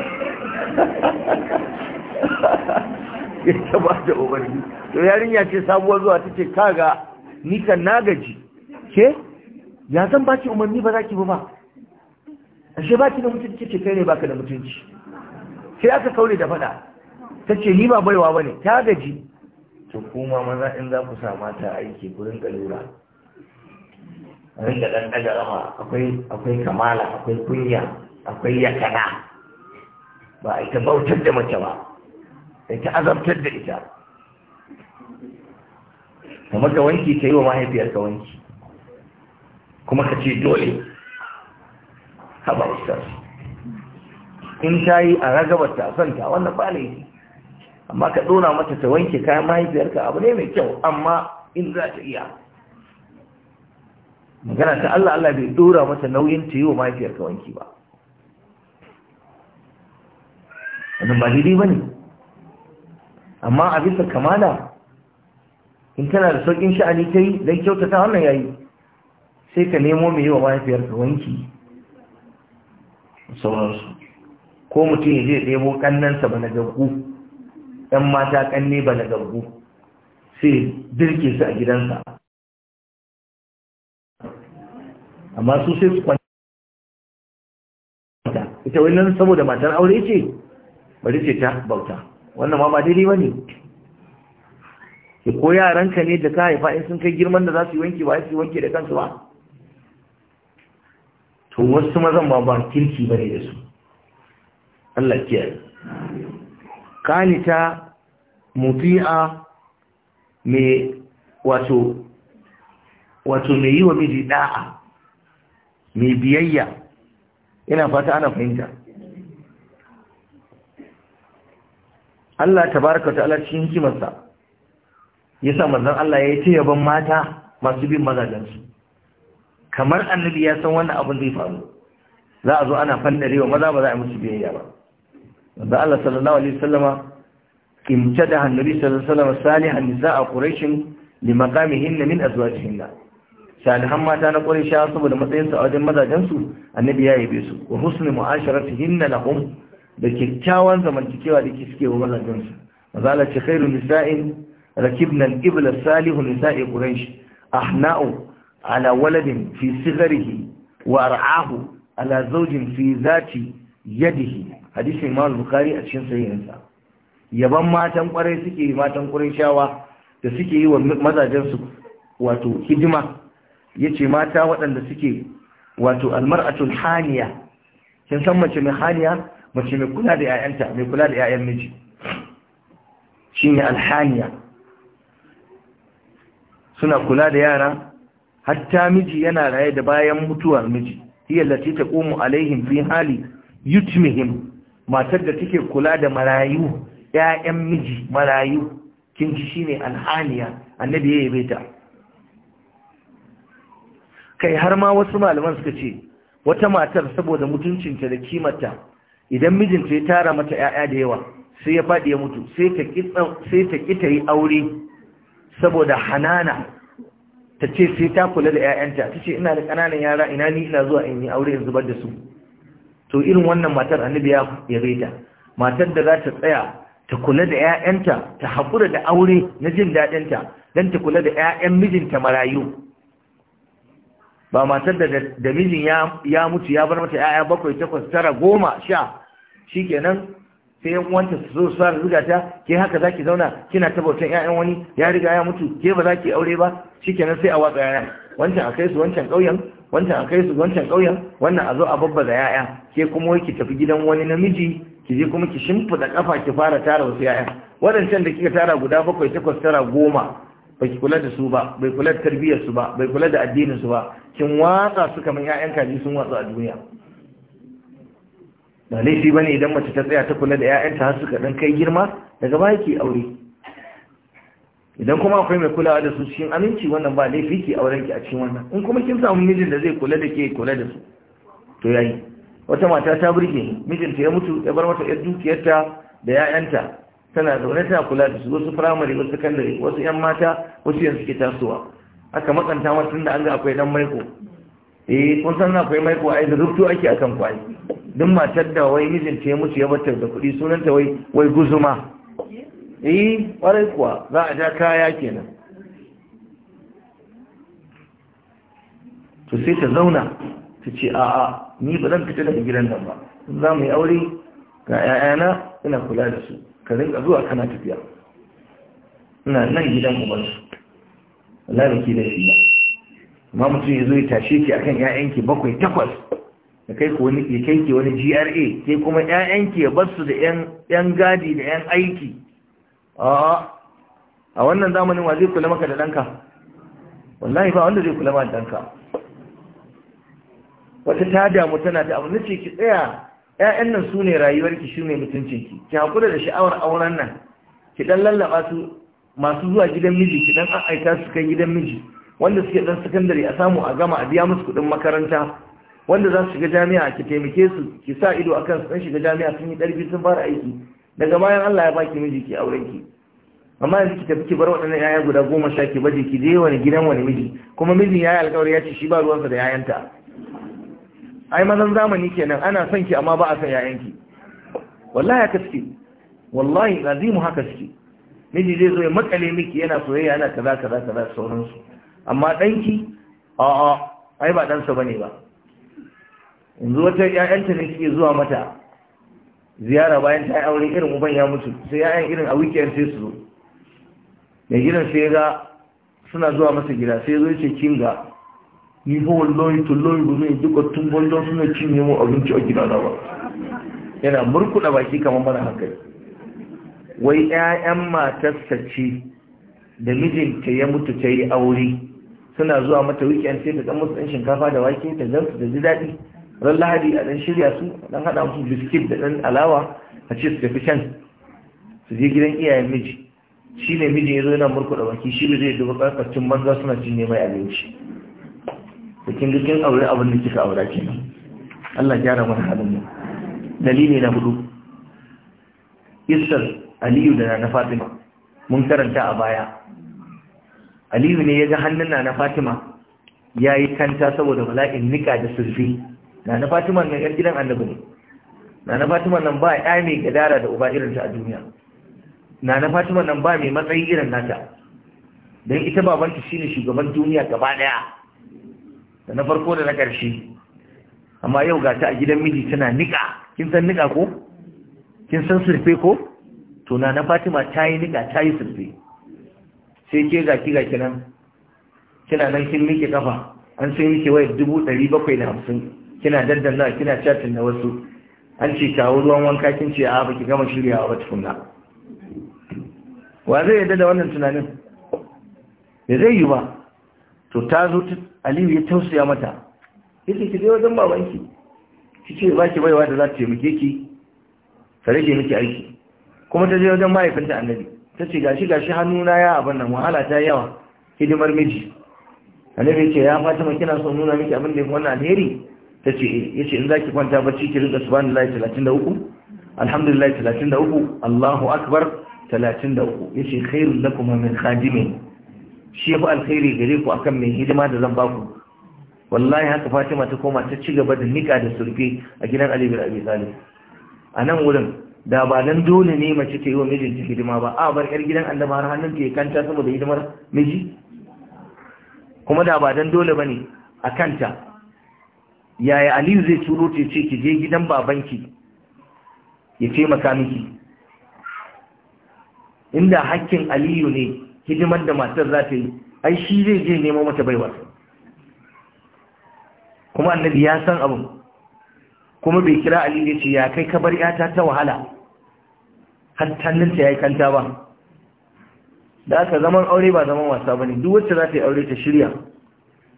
*laughs* ya ba da ubangi to yarinya ce sabuwar zuwa ta ce kaga ni kan na gaji ke ya zan ki umarni ba za ki ba ashe baki da mutunci ce kai ne baka da mutunci sai aka kaure da faɗa ta ce ni ba baiwa ba ne ta gaji ta kuma maza in za ku sa mata aiki kurin rinka lura rinka ɗan ɗaga rama akwai kamala akwai kunya akwai yakana ba a ita bautar da mace ba ita azabtar da ita kamar ka wanki ta yi wa mahaifiyar wanki kuma ka ce dole haba ustaz in ta yi a ragabarta a santa wannan ba laifi amma ka dona mata ta wanke kayan mahaifiyarka abu ne mai kyau amma in za ta iya magana ta Allah Allah bai ɗora mata nauyin ta yi wa mahaifiyarka wanki ba wannan ba daidai ba ne amma a bisa kamala in tana da sauƙin sha'ani ta yi don kyautata wannan yayi sai ka nemo mai yi wa mahaifiyarka wanki sauransu ko mutum ya je ɗebo ƙannansa ba na gaggu ‘yan mata ƙanne ba na gaggu sai dirke su a gidansa amma su sai su kwanta ita wannan saboda matar aure ce bari ce ta bauta wannan ma ba daidai ba ne ko yaranka ne da ka haifa in sun kai girman da za su yi wanki ba su yi wanke da kansu ba to wasu mazan ba ba kirki ba ne da su Allah kiyaye kanita muti'a me wato wato me yi wa miji da'a me biyayya ina fata ana fahimta Allah tabaraka ta'ala cikin hikimarsa yasa manzon Allah ya yi ta yaban mata masu bin mazajensu kamar annabi ya san wannan abin zai faru za a zo ana fandarewa maza ba za a yi musu biyayya ba da Allah sallallahu alaihi wasallama da annabi sallallahu alaihi wasallama salihan nisaa quraish li maqamihin min azwajihin salihan mata na quraisha saboda matsayin su a wajen mazajen su annabi ya yabe su wa husn mu'asharatihin lahum da kyakkyawan zamantakewa da ke suke wa mazajen su ce khairu nisa'in rakibna al-ibla salihu nisa'i quraish ahna'u ala waladin fi sigarihi wa ar'ahu ala zaujin fi zati yadihi hadisin imam bukhari a cikin sahihinsa yaban matan kwarai suke yi matan shawa da suke yi wa mazajensu wato hidima yace mata waɗanda suke wato almar'atul haniya kin san mace mai haniya mace mai kula da 'ya'yanta mai kula da 'ya'yan miji shine alhaniya suna kula da yara hatta miji yana raye da bayan mutuwar miji hiya lati taqumu alaihim fi hali yutmihim matar da take kula da marayu 'ya'yan miji marayu kin ji shine alhaniya annabi ya yabe ta kai har ma wasu malaman suka ce wata matar saboda mutuncinta da kimarta idan mijinta ya tara mata 'ya'ya da yawa sai ya faɗi ya mutu sai ta ƙi ta yi aure saboda hanana ta ce sai ta kula da ‘ya'yanta ta ce ina da ƙananan yara ina ni ina zuwa in yi aure in zubar da su to irin wannan matar annabi ya yabe matar da za ta tsaya ta kula da 'ya'yanta ta haƙura da aure na jin daɗinta don ta kula da 'ya'yan mijinta marayu ba matar da da mijin ya mutu ya bar mata 'ya'ya bakwai takwas tara goma sha shikenan sai yan uwanta su zo su riga ta ke haka zaki zauna kina ta bautan 'ya'yan wani ya riga ya mutu ke ba za ki aure ba shikenan sai a watsa 'ya'ya wancan a kai su wancan ƙauyen wancan a kai su wancan ƙauyen wannan a zo a babba da ya'ya ke kuma wai ki tafi gidan wani namiji ki je kuma ki shimfiɗa ƙafa ki fara tara wasu ya'ya waɗancan da kika tara guda bakwai takwas tara goma ba ki kula da su ba bai kula da tarbiyyar su ba bai kula da addinin su ba kin watsa su kamar ya'yan kaji sun watsa a duniya ba laifi bane idan mace ta tsaya ta kula da ya'yanta har suka dan kai girma daga baya ki aure idan kuma akwai mai kulawa da su cikin aminci wannan ba laifi ke wurin ki a cikin wannan in kuma kin samu mijin da zai kula da ke kula da su to yayi wata mata ta burge mijinta ya mutu ya bar mata yar dukiyarta da 'ya'yanta tana zaune tana kula da su wasu firamare wasu sakandare, wasu 'yan mata wasu yanzu suke tasowa aka makanta mata tunda an ga akwai dan maiko eh kun san akwai maiko ai da rubutu ake akan kwai duk matar da wai mijinta ya mutu ya bar da kuɗi sunanta wai wai guzuma yi eh, ƙwarai kuwa za a ja kaya kenan to sai ta zauna ta ce a'a ni ba zan fita daga gidan nan ba za mu yi aure ga 'ya'yana ina kula da su ka rinka zuwa kana tafiya ina nan gidan ubansu Allah ba ki da shi ba amma mutum ya zo ya tashe ki akan ƴaƴanki bakwai takwas ya kai ko wani kai ki wani GRA ke kuma ƴaƴanki ya bar su da ƴan gadi da ƴan aiki a wannan zamanin wa zai kula maka da ɗanka wallahi ba wanda zai kula ma da ɗanka wata ta damu tana ta abu ce ki tsaya ƴaƴan nan su ne rayuwarki shi ne mutuncin ki Ki hakura da sha'awar auren nan ki dan lallaba su masu zuwa gidan miji ki dan aika su kan gidan miji wanda suke dan sakandare a samu a gama a biya musu kuɗin makaranta wanda za su shiga jami'a ki taimake su ki sa ido akan su dan shiga jami'a sun yi ɗarfi sun fara aiki daga bayan Allah ya baki miji ki auren ki amma yanzu ki tafi ki bar waɗannan yaya guda goma sha ki baje ki je wani gidan wani miji kuma mijin yayi alƙawari ya ce shi ba ruwansa da yayanta ai mazan zamani kenan ana son ki amma ba a son yayanki wallahi haka suke wallahi azimu haka suke miji zai zo ya makale miki yana soyayya yana kaza kaza kaza sauransu amma danki a'a ai ba dansa bane ba yanzu wata ƴaƴanta ne suke zuwa mata ziyara bayan ta yi aure irin uban ya mutu sai yayan irin a wikiyar sai su zo mai gidan sai ga suna zuwa masa gida sai zo ce kinga ni fa wallahi lori ba zai duka tun banza suna cinye nemo abinci a gida na ba yana murkuɗa baki kamar mana hankali wai 'ya'yan matarsa ce da mijinta ya mutu ta yi aure suna zuwa mata wikiyar sai ta dan musu dan shinkafa da wake ta zansu da ji daɗi ran lahadi a dan shirya su dan hada musu biskit da dan alawa a ce su tafi can su je gidan iyayen miji shi ne mijin ya zo yana murku da baki shi ne zai duba karfacin banza suna cinye mai abinci da kin dukkan aure abin da kika aura kenan Allah gyara mana halin mu dalili na hudu Isar Aliyu da na Fatima mun karanta a baya Aliyu ne ya ga hannun na Fatima ya yi kanta saboda bala'in nika da sirfi na na fatima nan yar gidan annabi ne na na fatima nan ba ya mai gadara da uba irin ta a duniya na na fatima nan ba mai matsayi irin nata don ita babanta shine shugaban duniya gaba daya da na farko da na ƙarshe amma yau ga ta a gidan miji tana niƙa kin san niƙa ko kin san surfe ko to na na fatima ta yi niƙa ta yi surfe sai ke ga ki ga kinan kina nan kin miƙe kafa an sai miki wayar dubu ɗari bakwai da hamsin kina na kina chatting da wasu an ce kawo ruwan wanka kin ce a baki gama shiryawa ba tukunna wa zai yadda da wannan tunanin da zai yi ba to ta zo aliyu ya tausaya mata yake ki je wajen babanki ki ce ba ki baiwa da za ta taimake ki ta rage miki aiki kuma ta je wajen mahaifinta annabi ta ce gashi gashi hannuna ya abin nan wahala ta yawa hidimar miji annabi ce ya fatima kina so nuna miki abin da wannan alheri ta ce ya ce in za ki kwanta bacci ki rinka subhanallahi 33 alhamdulillahi 33 allahu akbar 33 ya ce khairun lakum min khadimin shi fi alkhairi gare ku akan mai hidima da zan baku wallahi haka fatima ta koma ta ci gaba da nika da surfe a gidan ali bin abi talib a nan wurin da ba nan dole ne mace ta yi wa mijinta hidima ba a bar yar gidan annaba har hannun ta kanta saboda hidimar miji kuma da ba dan dole bane a kanta yaya aliyu zai turo ta ce ki je gidan babanki ya taimaka miki inda hakkin aliyu ne hidimar da matar za ta yi ai shi zai je nemo mata baiwa kuma annabi ya san abin kuma bai kira aliyu ya ce ya kai kabar yata ta wahala tanninta ya yi kanta ba da aka zaman aure ba zaman wasa ba ne duk wacce za ta yi aure ta shirya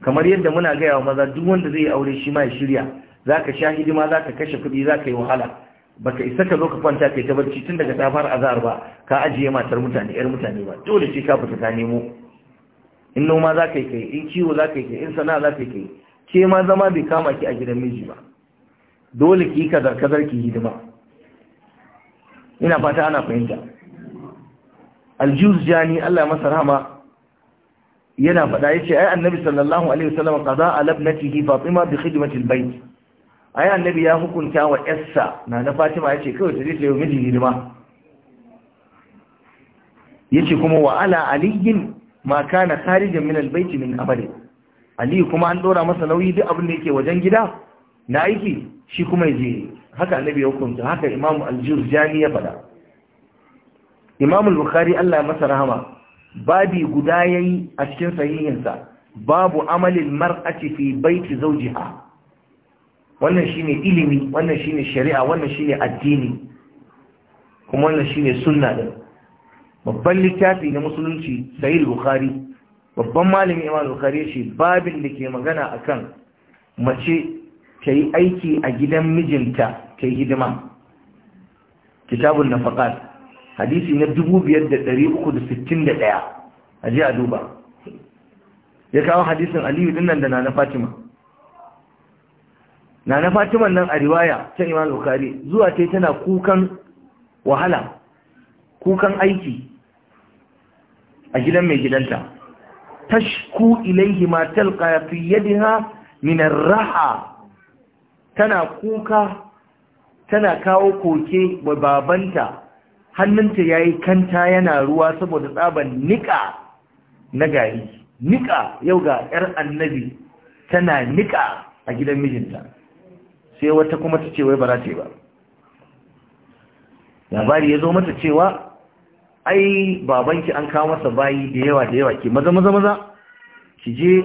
kamar yadda muna gaya wa maza duk wanda zai aure shi ma ya shirya zaka sha hidima zaka kashe kuɗi zaka yi wahala baka isa ka zo ka kwanta kai ta barci tun daga safar azhar ba ka ajiye matar mutane yar mutane ba dole sai ka fita ka nemo in noma zaka yi kai in kiwo zaka yi kai in sana'a zaka yi kai ke ma zama bai kama ki a gidan miji ba dole ki ka kazar ki hidima ina fata ana fahimta aljuz jani Allah masa rahama yana faɗa ya ce, ai annabi sallallahu alaihi wasallam qada ala ibnatihi fatima bi khidmati albayt ai annabi ya hukunta wa yassa na na fatima ce kawai ta je ta yi miji hidima yace kuma wa ala aliyin ma kana kharijan min albayt min amali ali kuma an dora masa nauyi duk abin da yake wajen gida na aiki shi kuma je haka annabi ya hukunta haka imamu aljurjani ya faɗa imamu bukhari Allah ya masa rahama babi guda yayi a cikin sahihinsa babu amalin mar'ati fi baiti zawjiha wannan shine ilimi wannan shine shari'a wannan shine addini kuma wannan shine sunna da babban littafi na musulunci sahih bukhari babban malami imam bukhari shi babin da ke magana akan mace ta yi aiki a gidan mijinta ta yi hidima kitabun nafaqat hadisi na 5361 a ji a duba ya kawo hadisin aliyu dinnan da nana fatima nana fatiman nan a riwaya ta iman lokari zuwa ta tana kukan wahala kukan aiki a gidan mai gidanta tashku ilaihi himatar talqa fi raha tana kuka tana kawo koke wa babanta hannunta ya yi kanta yana ruwa saboda tsaban niƙa na gari niƙa yau ga 'yar annabi tana niƙa a gidan mijinta sai wata kuma ta ce ba za ta yi ba labari ya zo mata cewa ai babanki an kawo masa bayi da yawa da yawa ke maza maza maza ki je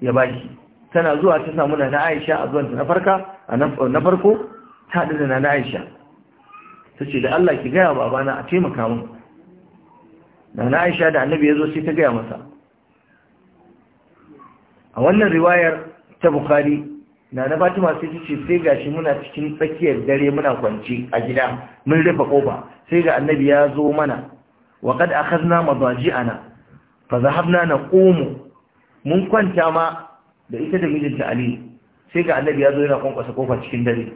ya baki tana zuwa ta samu na Aisha a zuwanta na farko ta haɗu da na Aisha ta ce da Allah ki gaya babana a taimaka mun da na aisha da annabi ya zo sai ta gaya masa a wannan riwayar ta Bukhari, na na fatima sai ta ce sai gashi muna cikin tsakiyar dare muna kwanci a gida mun rufe kofa sai ga annabi ya zo mana wa kad akhadna madaji'ana fa zahabna qumu mun kwanta ma da ita da mijinta ali sai ga annabi ya zo yana kwankwasa kofa cikin dare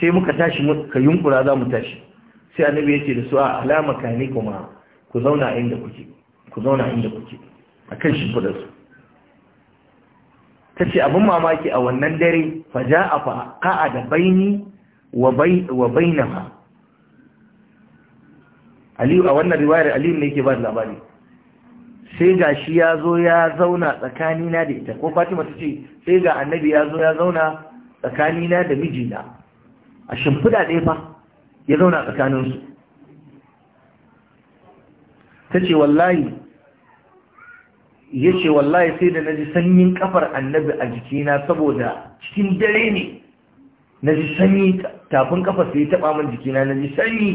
sai muka tashi muka yunkura za mu tashi sai annabi ya ce da su a alama ne kuma ku zauna inda kuke ku zauna inda kuke a kan shimfidarsu ta ce abin mamaki a wannan dare faja a fa'a da baini wa baina aliyu a wannan riwayar aliyu ne ke ba da labari sai ga shi ya zo ya zauna tsakanina da ita ko fatima ta ce sai ga annabi ya zo ya zauna tsakanina da mijina a shimfida ɗaya fa ya zauna tsakaninsu ta ce wallahi ya ce wallahi sai da na ji sanyin kafar annabi a jikina saboda cikin dare ne na ji sanyi tafin kafar sai ya taɓa min jikina na ji sanyi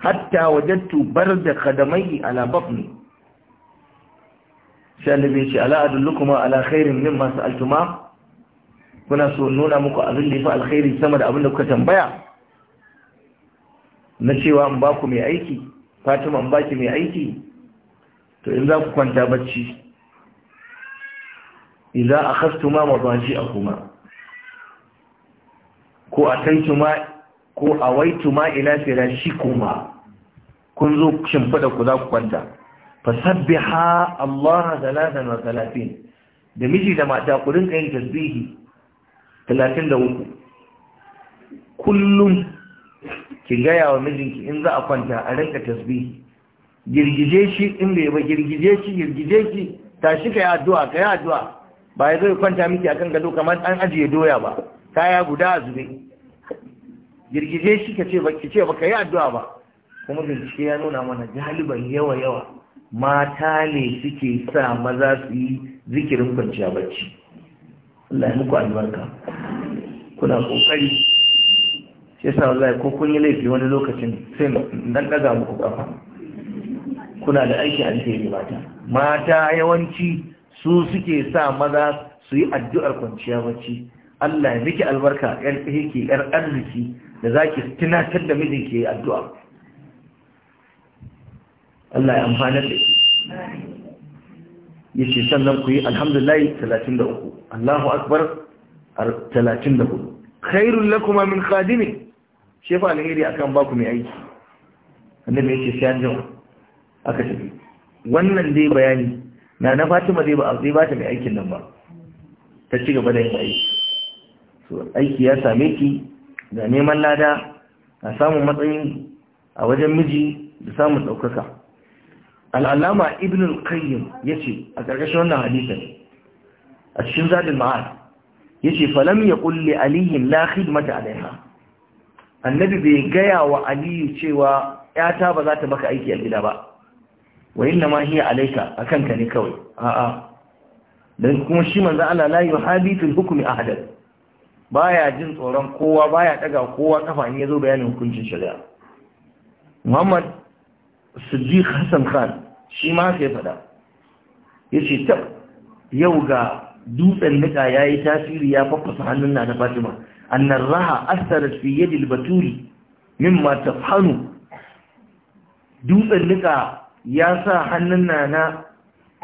hatta wajattu bar da kadamai ala bafni sai annabi ya ce ala adullukuma ala khairin min masu altuma kuna so nuna muku abin da ya fi alkhairi sama da abin da kuka tambaya na cewa in ba ku mai aiki fatima in ba ki mai aiki to in za ku kwanta bacci idan a ma mabaji a kuma ko a tuma ko a ina fira shi kuma kun zo shimfida ku za ku kwanta ha Allah salatan wa talafin da miji da mata ku rinka yin tasbihi 33 kullum ki gaya wa mijinki in za a kwanta a rinka tasbihi girgije shi in bai ba girgije shi girgije ta tashi ka yi addu'a ka yi addu'a ba ya zai kwanta miki akan gado kamar an ajiye doya ba kaya guda a zube girgije shi ka ce ki ce baka yi addu'a ba kuma bincike ya nuna mana jaliban yawa yawa mata ne suke sa maza su yi zikirin kwanciya bacci Allah ya muku albarka kuna kokari shi yasa wallahi ko kun yi laifi wani lokacin sai dan daga muku kafa kuna da aiki cikin mata mata yawanci su suke sa maza su yi addu'ar kwanciya bacci Allah ya miki albarka yar hiki yar arziki da zaki tunatar da mijinki ke addu'a Allah ya amfana da ki yace sannan ku yi alhamdulillah 33 Allahu akbar 34 khairul lakuma min khadimin Shefa fa alheri akan ba ku mai aiki annabi ya ce siyan an aka tafi wannan dai bayani na na Fatima dai ba zai bata mai aikin nan ba ta ci gaba da yin aiki so aiki ya same ki da neman lada a samun matsayin a wajen miji da samun ɗaukaka al'alama ibn al-qayyim ya ce a ƙarƙashin wannan hadisan a cikin zadin ma'ad ya ce falam ya ƙulle aliyin la khidmata alaiha annabi bai gaya wa aliyu cewa yata ba za ta baka aiki a gida ba wa inna ma hiya alayka akan ka ne kawai a'a dan kuma shi manzo Allah la a hukmi ahadan baya jin tsoron kowa baya ɗaga kowa kafa in zo bayanin hukuncin shari'a Muhammad Siddiq Hassan Khan shi ma sai fada yace tab yau ga dutsen nika yayi tasiri ya faffasa hannun na ta Fatima أن الرها أثرت في يد البتول مما تفحن دوسا لك ياسا حننا أنا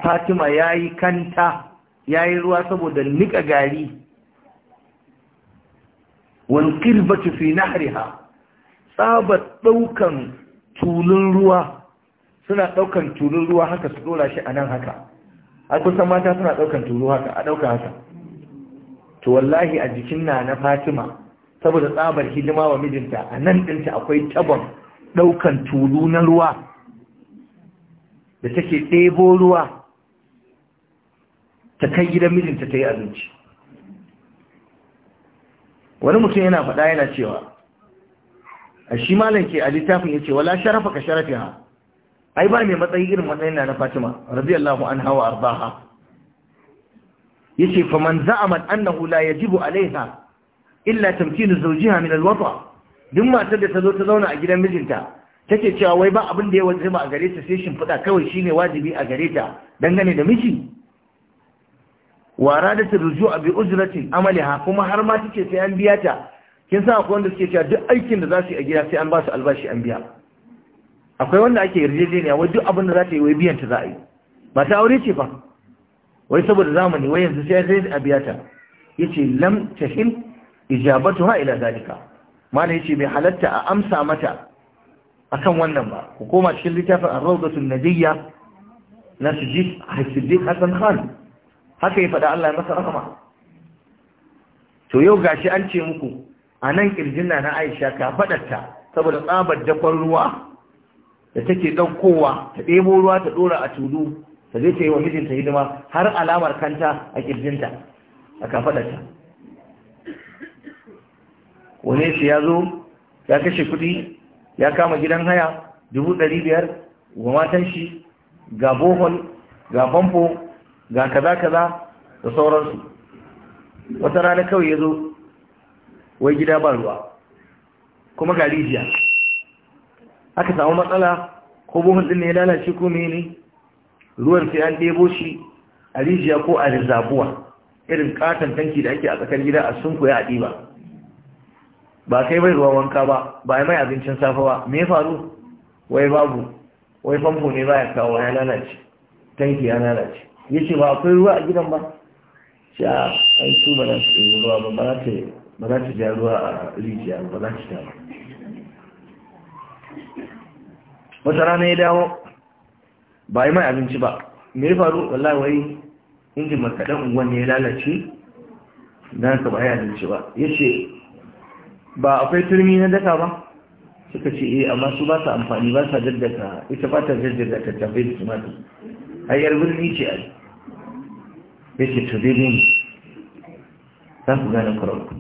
فاطمة ياي كانتا ياي روا سبودا لك غاري والقربة في نحرها صابت طوكا tulun ruwa suna ɗaukan tulun ruwa haka su ɗora shi a nan haka a kusan mata suna ɗaukan tulu haka a ɗauka haka to wallahi a jikin na na fatima saboda tsabar hidima wa mijinta a nan ɗinta akwai tabon ɗaukan tulu na ruwa da take ɗebo ruwa ta kai gidan mijinta ta yi abinci wani mutum yana faɗa yana cewa a shi malam ke a littafin ya ce wala sharafa ka sharafi ha ai ba mai matsayi irin matsayin na na fatima radiyallahu an hawa arbaha yace faman za'ama annahu la yajibu alaiha illa tamkinu zawjiha min alwata duk matar da ta zo ta zauna a gidan mijinta take cewa wai ba abin da ya wajiba a gare ta sai shimfiɗa kawai shine wajibi a gare ta dangane da miji da radatu rujua bi ujratin amaliha kuma har ma take sai an biya ta kin san akwai wanda suke cewa duk aikin da za su yi a gida sai an ba su albashi an biya akwai wanda ake yarjejeniya wai duk abin da za ta yi wai biyan ta za a yi mata aure ce fa wai saboda zamani wai yanzu sai sai a biya ta yace lam tahil ijabatuha ila zalika malai yace bai halatta a amsa mata akan wannan ba ku koma cikin littafin ar an nadiyya na sujid siddiq hasan khan haka ya faɗa Allah ya masa rahama to yau gashi an ce muku a nan kirjin na na Aisha ka ta saboda tsabar dakon ruwa da take ɗaukowa ta ɗebo ruwa ta ɗora a tudu. ta zai ce wa mijinta hidima har alamar kanta a kirjinta a kafaɗarta. wane shi ya zo ya kashe kuɗi ya kama gidan haya dubu ɗari biyar wa matan shi ga bohol ga famfo ga kaza kaza da sauransu wata rana kawai ya zo wai gida ba ruwa kuma ga rijiya aka samu matsala ko bohol ɗin ne ya lalace ko mene ruwan sai an ɗebo shi a rijiya ko a rizabuwa irin katon tanki da ake a tsakar gida a sun koya a ɗiba ba kai bai ruwan wanka ba ba mai abincin safe ba me faru wai babu wai famfo ne ba ya kawo ya lalace tanki ya lalace ya ce ba akwai ruwa a gidan ba shi a ah, ai su ba ruwa ba ba za ta ja ruwa a rijiya ba za ta ja ba rana ya dawo ba yi mai abinci ba me ya faru wallahi wai injin makadan unguwan ne ya lalace don ka ba yi abinci ba ya ce ba akwai turmi na daka ba suka ce eh amma su ba su amfani ba su jaddaka ita ba ta jaddaka ta tafi da tumatir hayar birni ce ai ya ce to dai ne za ku gane kurauku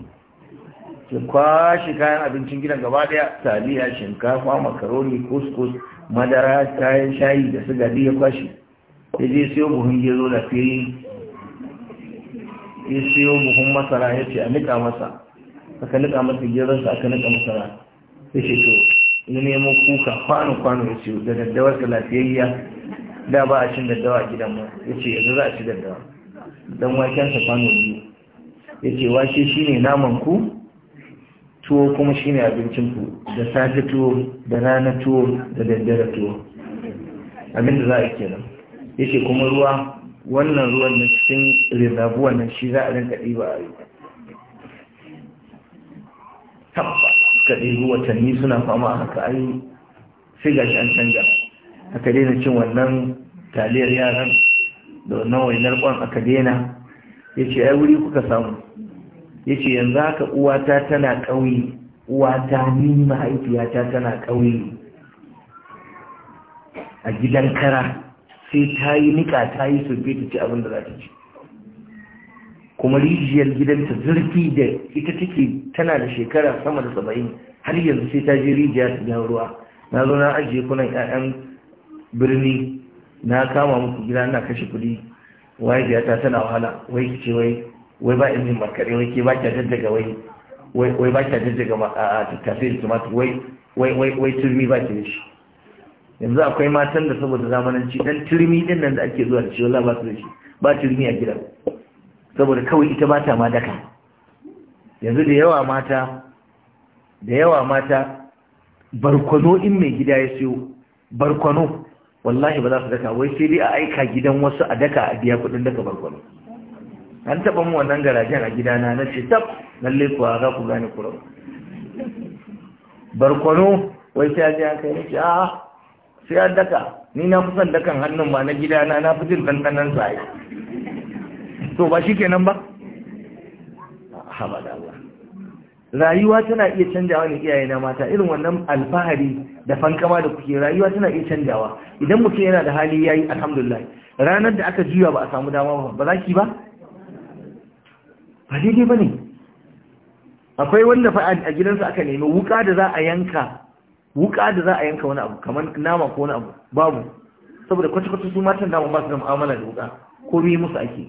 ku kwashe kayan abincin gidan gaba daya taliya shinkafa makaroni couscous madara kayan shayi da su duk ya kwashe ya je siyo buhun gero da fili ya siyo buhun masara ya ce a nika masa aka nika masa geronsa aka nika masara ya ce to ya nemo kuka kwano-kwano ya ce da daddawar ka lafiyayya da ba a cin daddawa a gidan ma ya ce yanzu za a ci daddawa don wakensa kwano biyu ya ce wake shi ne naman ku tuwo kuma shi ne abincin ku da safe tuwo da rana tuwo da daddare tuwo abinda za a kenan yake kuma ruwa wannan ruwan na cikin rizabuwan nan shi za a rinka ɗiba a yi tabba ka watanni suna fama a haka ai sai gashi an canja aka daina cin wannan taliyar yaran da wannan wainar kwan aka daina ya ce ai wuri kuka samu ya ce yanzu haka uwata tana ƙauye uwata ni mahaifiyata tana ƙauye a gidan kara sai ta yi nika ta yi soke ta ci abin da za ta ci kuma rijiyar gidanta zurfi da ita take tana da shekara sama da saba'in har yanzu sai ta je rijiya ta gina ruwa na zo na ajiye kunan 'ya'yan birni na kama muku gida na kashe kuɗi wai biyata tana wahala wai ki ce wai wai ba in markaɗe wai ke ba ki daddaga wai wai ba ki jijjiga tafiyar tumatir wai wai wai wai turmi ba ki shi yanzu akwai matan da saboda zamananci dan turmi din nan da ake zuwa da shi wallahi ba su da shi ba turmi a gidan saboda kawai ita ba ta ma daka yanzu da yawa mata da yawa mata barkwano in mai gida ya siyo barkwano wallahi ba za su daka wai sai dai a aika gidan wasu a daka a biya kudin daka barkwano an taɓa mu wannan garajen a gidana na ce tab lalle ku za ku gane kurau barkwano wai sai ji aka yi ce a sai an daka ni na fi son dakan hannun ba na gidana na fi jin dandanan sa to ba shi kenan ba haɓada Allah rayuwa tana iya canjawa ne iyaye na mata irin wannan alfahari da fankama da kuke rayuwa tana iya canjawa idan mutum yana da hali yayi alhamdulillah ranar da aka juya ba a samu dama ba ba za ki ba ba daidai ba ne akwai wanda fa a gidansa aka nemi wuka da za a yanka wuka da za a yanka wani abu kamar nama ko wani abu babu saboda kwata-kwata su matan nama ba su da mu'amala da wuka komi musu ake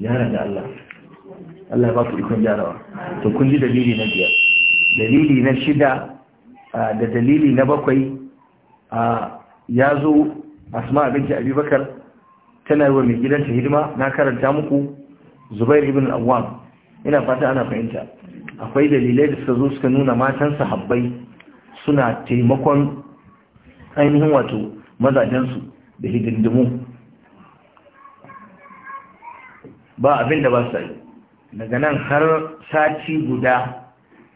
gyara da Allah Allah ba ku ikon gyarawa to kun ji dalili na biyar dalili na shida da dalili na bakwai ya zo asma abinci abubakar tana yi wa mai gidanta hidima na karanta muku zubair ibn al-awwam ina fata ana fahimta akwai dalilai da suka zo suka nuna matan sahabbai suna taimakon ainihin wato mazajensu da hidindimu ba abin da ba su yi daga nan har sati guda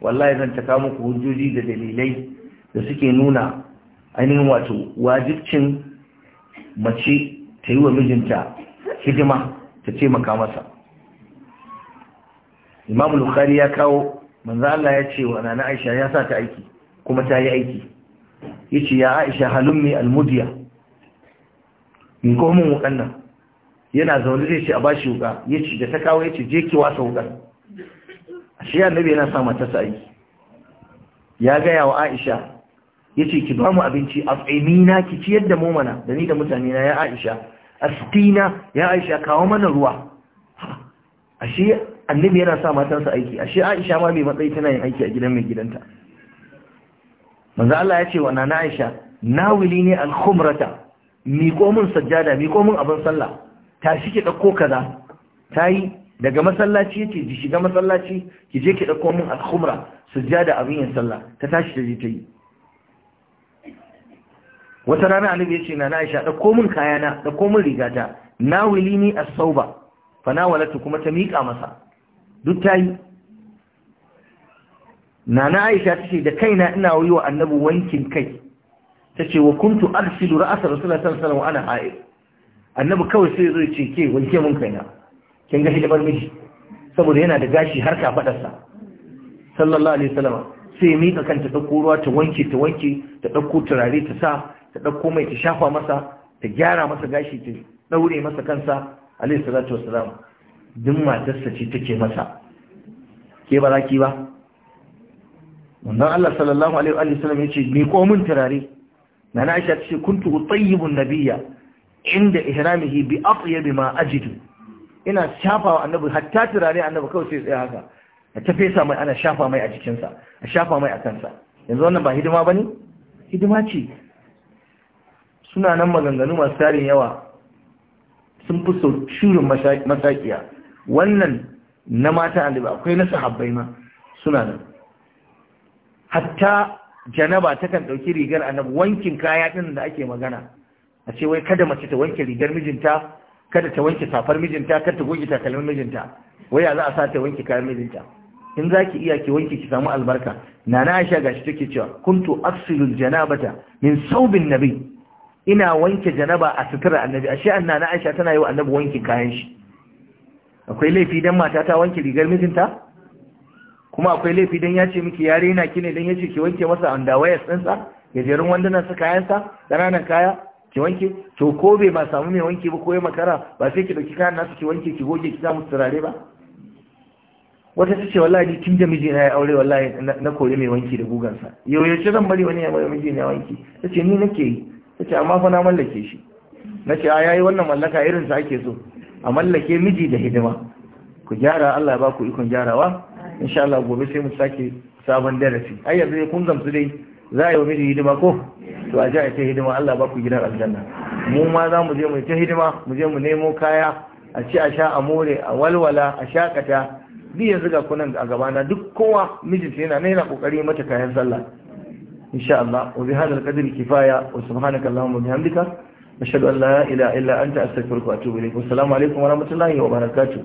wallahi zan taka muku hujjoji da dalilai da suke nuna ainihin wato wajibcin mace ta yi wa mijinta hidima ta taimaka masa imam bukhari ya kawo manzo Allah ya ce wa nana Aisha ya sa ta aiki kuma ta yi aiki yace ya Aisha halummi almudiya in ko mun wakannan yana zaune zai ce a bashi wuka yace da ta kawo yace je ki wasa wuka shi annabi yana sa mata sa aiki ya ga ya wa Aisha yace ki ba mu abinci af'imina ki ci yadda mu mana da ni da mutane na ya Aisha asqina ya Aisha kawo mana ruwa ashe annabi yana sa matansa aiki ashe Aisha ma mai matsayi tana yin aiki a gidan mai gidanta manzo Allah ya ce wa nana Aisha nawili ne al-khumrata miƙo min sajjada miƙo min abin sallah ta shike ki ɗauko kaza Tayi daga masallaci yake ji shiga masallaci ki je ki ɗauko min al-khumra sajjada abin yin sallah ta tashi ta je ta wata rana annabi ya ce Nana Aisha ɗauko min kayana ɗauko min rigata nawili ni as-sauba fa nawalatu kuma ta miƙa masa duk ta yi nana aisha ta ce da kaina ina yi wa annabi wankin kai ta ce wa kuntu arsilu ra'asar rasulullah sallallahu alaihi wasallam ana ha'ir annabi kawai sai zo ce ke wanke mun kaina kin ga hidibar miji saboda yana da gashi har ka sa sallallahu alaihi wasallam sai ya mika kanta dauko ruwa ta wanke ta wanke ta dauko turare ta sa ta dauko mai ta shafa masa ta gyara masa gashi ta daure masa kansa alaihi salatu wasallam duk matarsa ce take masa ke ba za ki ba wannan Allah sallallahu alaihi wa sallam yace ce ko mun turare na na aisha ce kuntu tayyibun nabiyya inda ihramihi bi atyabi ma ajidu ina shafa wa annabi hatta turare annabi kawai sai tsaya haka a tafe sa mai ana shafa mai a jikinsa a shafa mai a kansa yanzu wannan ba hidima bane hidima ce suna nan maganganu masu tarin yawa sun fi so shirin masakiya wannan na mata annabi akwai na sahabbai ma suna nan hatta janaba takan ɗauki rigar annabi wankin kaya ɗin da ake magana a ce wai kada mace ta wanke rigar mijinta kada ta wanke safar mijinta kada ta goge takalmin mijinta wai za a sa ta wanke kayan mijinta in za ki iya ki wanke ki samu albarka nana aisha gashi take cewa kuntu afsilul janabata min saubin nabi ina wanke janaba a sutura annabi ashe annana aisha tana yi wa annabi wankin kayan shi akwai laifi dan mata ta wanke rigar mijinta kuma akwai laifi dan ya ce miki yare na kine don dan ya ce ki wanke masa andawayas ɗinsa gajerun wandunan su kayansa ƙananan kaya ki wanke to ko bai ma samu mai wanke ba ko ya makara ba sai ki ɗauki kayan nasu ki wanke ki goge ki samu turare ba wata ta ce wallahi ni tun da miji na ya aure wallahi na kore mai wanki da gugansa yau ya ce zan bari wani ya mai miji na wanki ta ce ni nake yi ta ce amma fa na mallake shi na ce a yayi wannan mallaka irin sa ake so a mallake miji da hidima ku gyara Allah ya ba ku ikon gyarawa insha Allah gobe sai mu sake sabon darasi ai yanzu kun gamsu dai za a yi wa miji hidima ko to a ji a ta hidima Allah ba ku gidan aljanna mu ma za mu je mu ta hidima mu je mu nemo kaya a ci a sha a more a walwala a shakata duk yanzu ga kunan a gabana duk kowa mijinta yana na yana kokari mata kayan sallah insha Allah wa bi hadal qadri kifaya wa subhanaka allahumma bihamdika nashhadu an ila ilaha illa anta astaghfiruka wa atubu ilayk assalamu alaikum wa rahmatullahi wa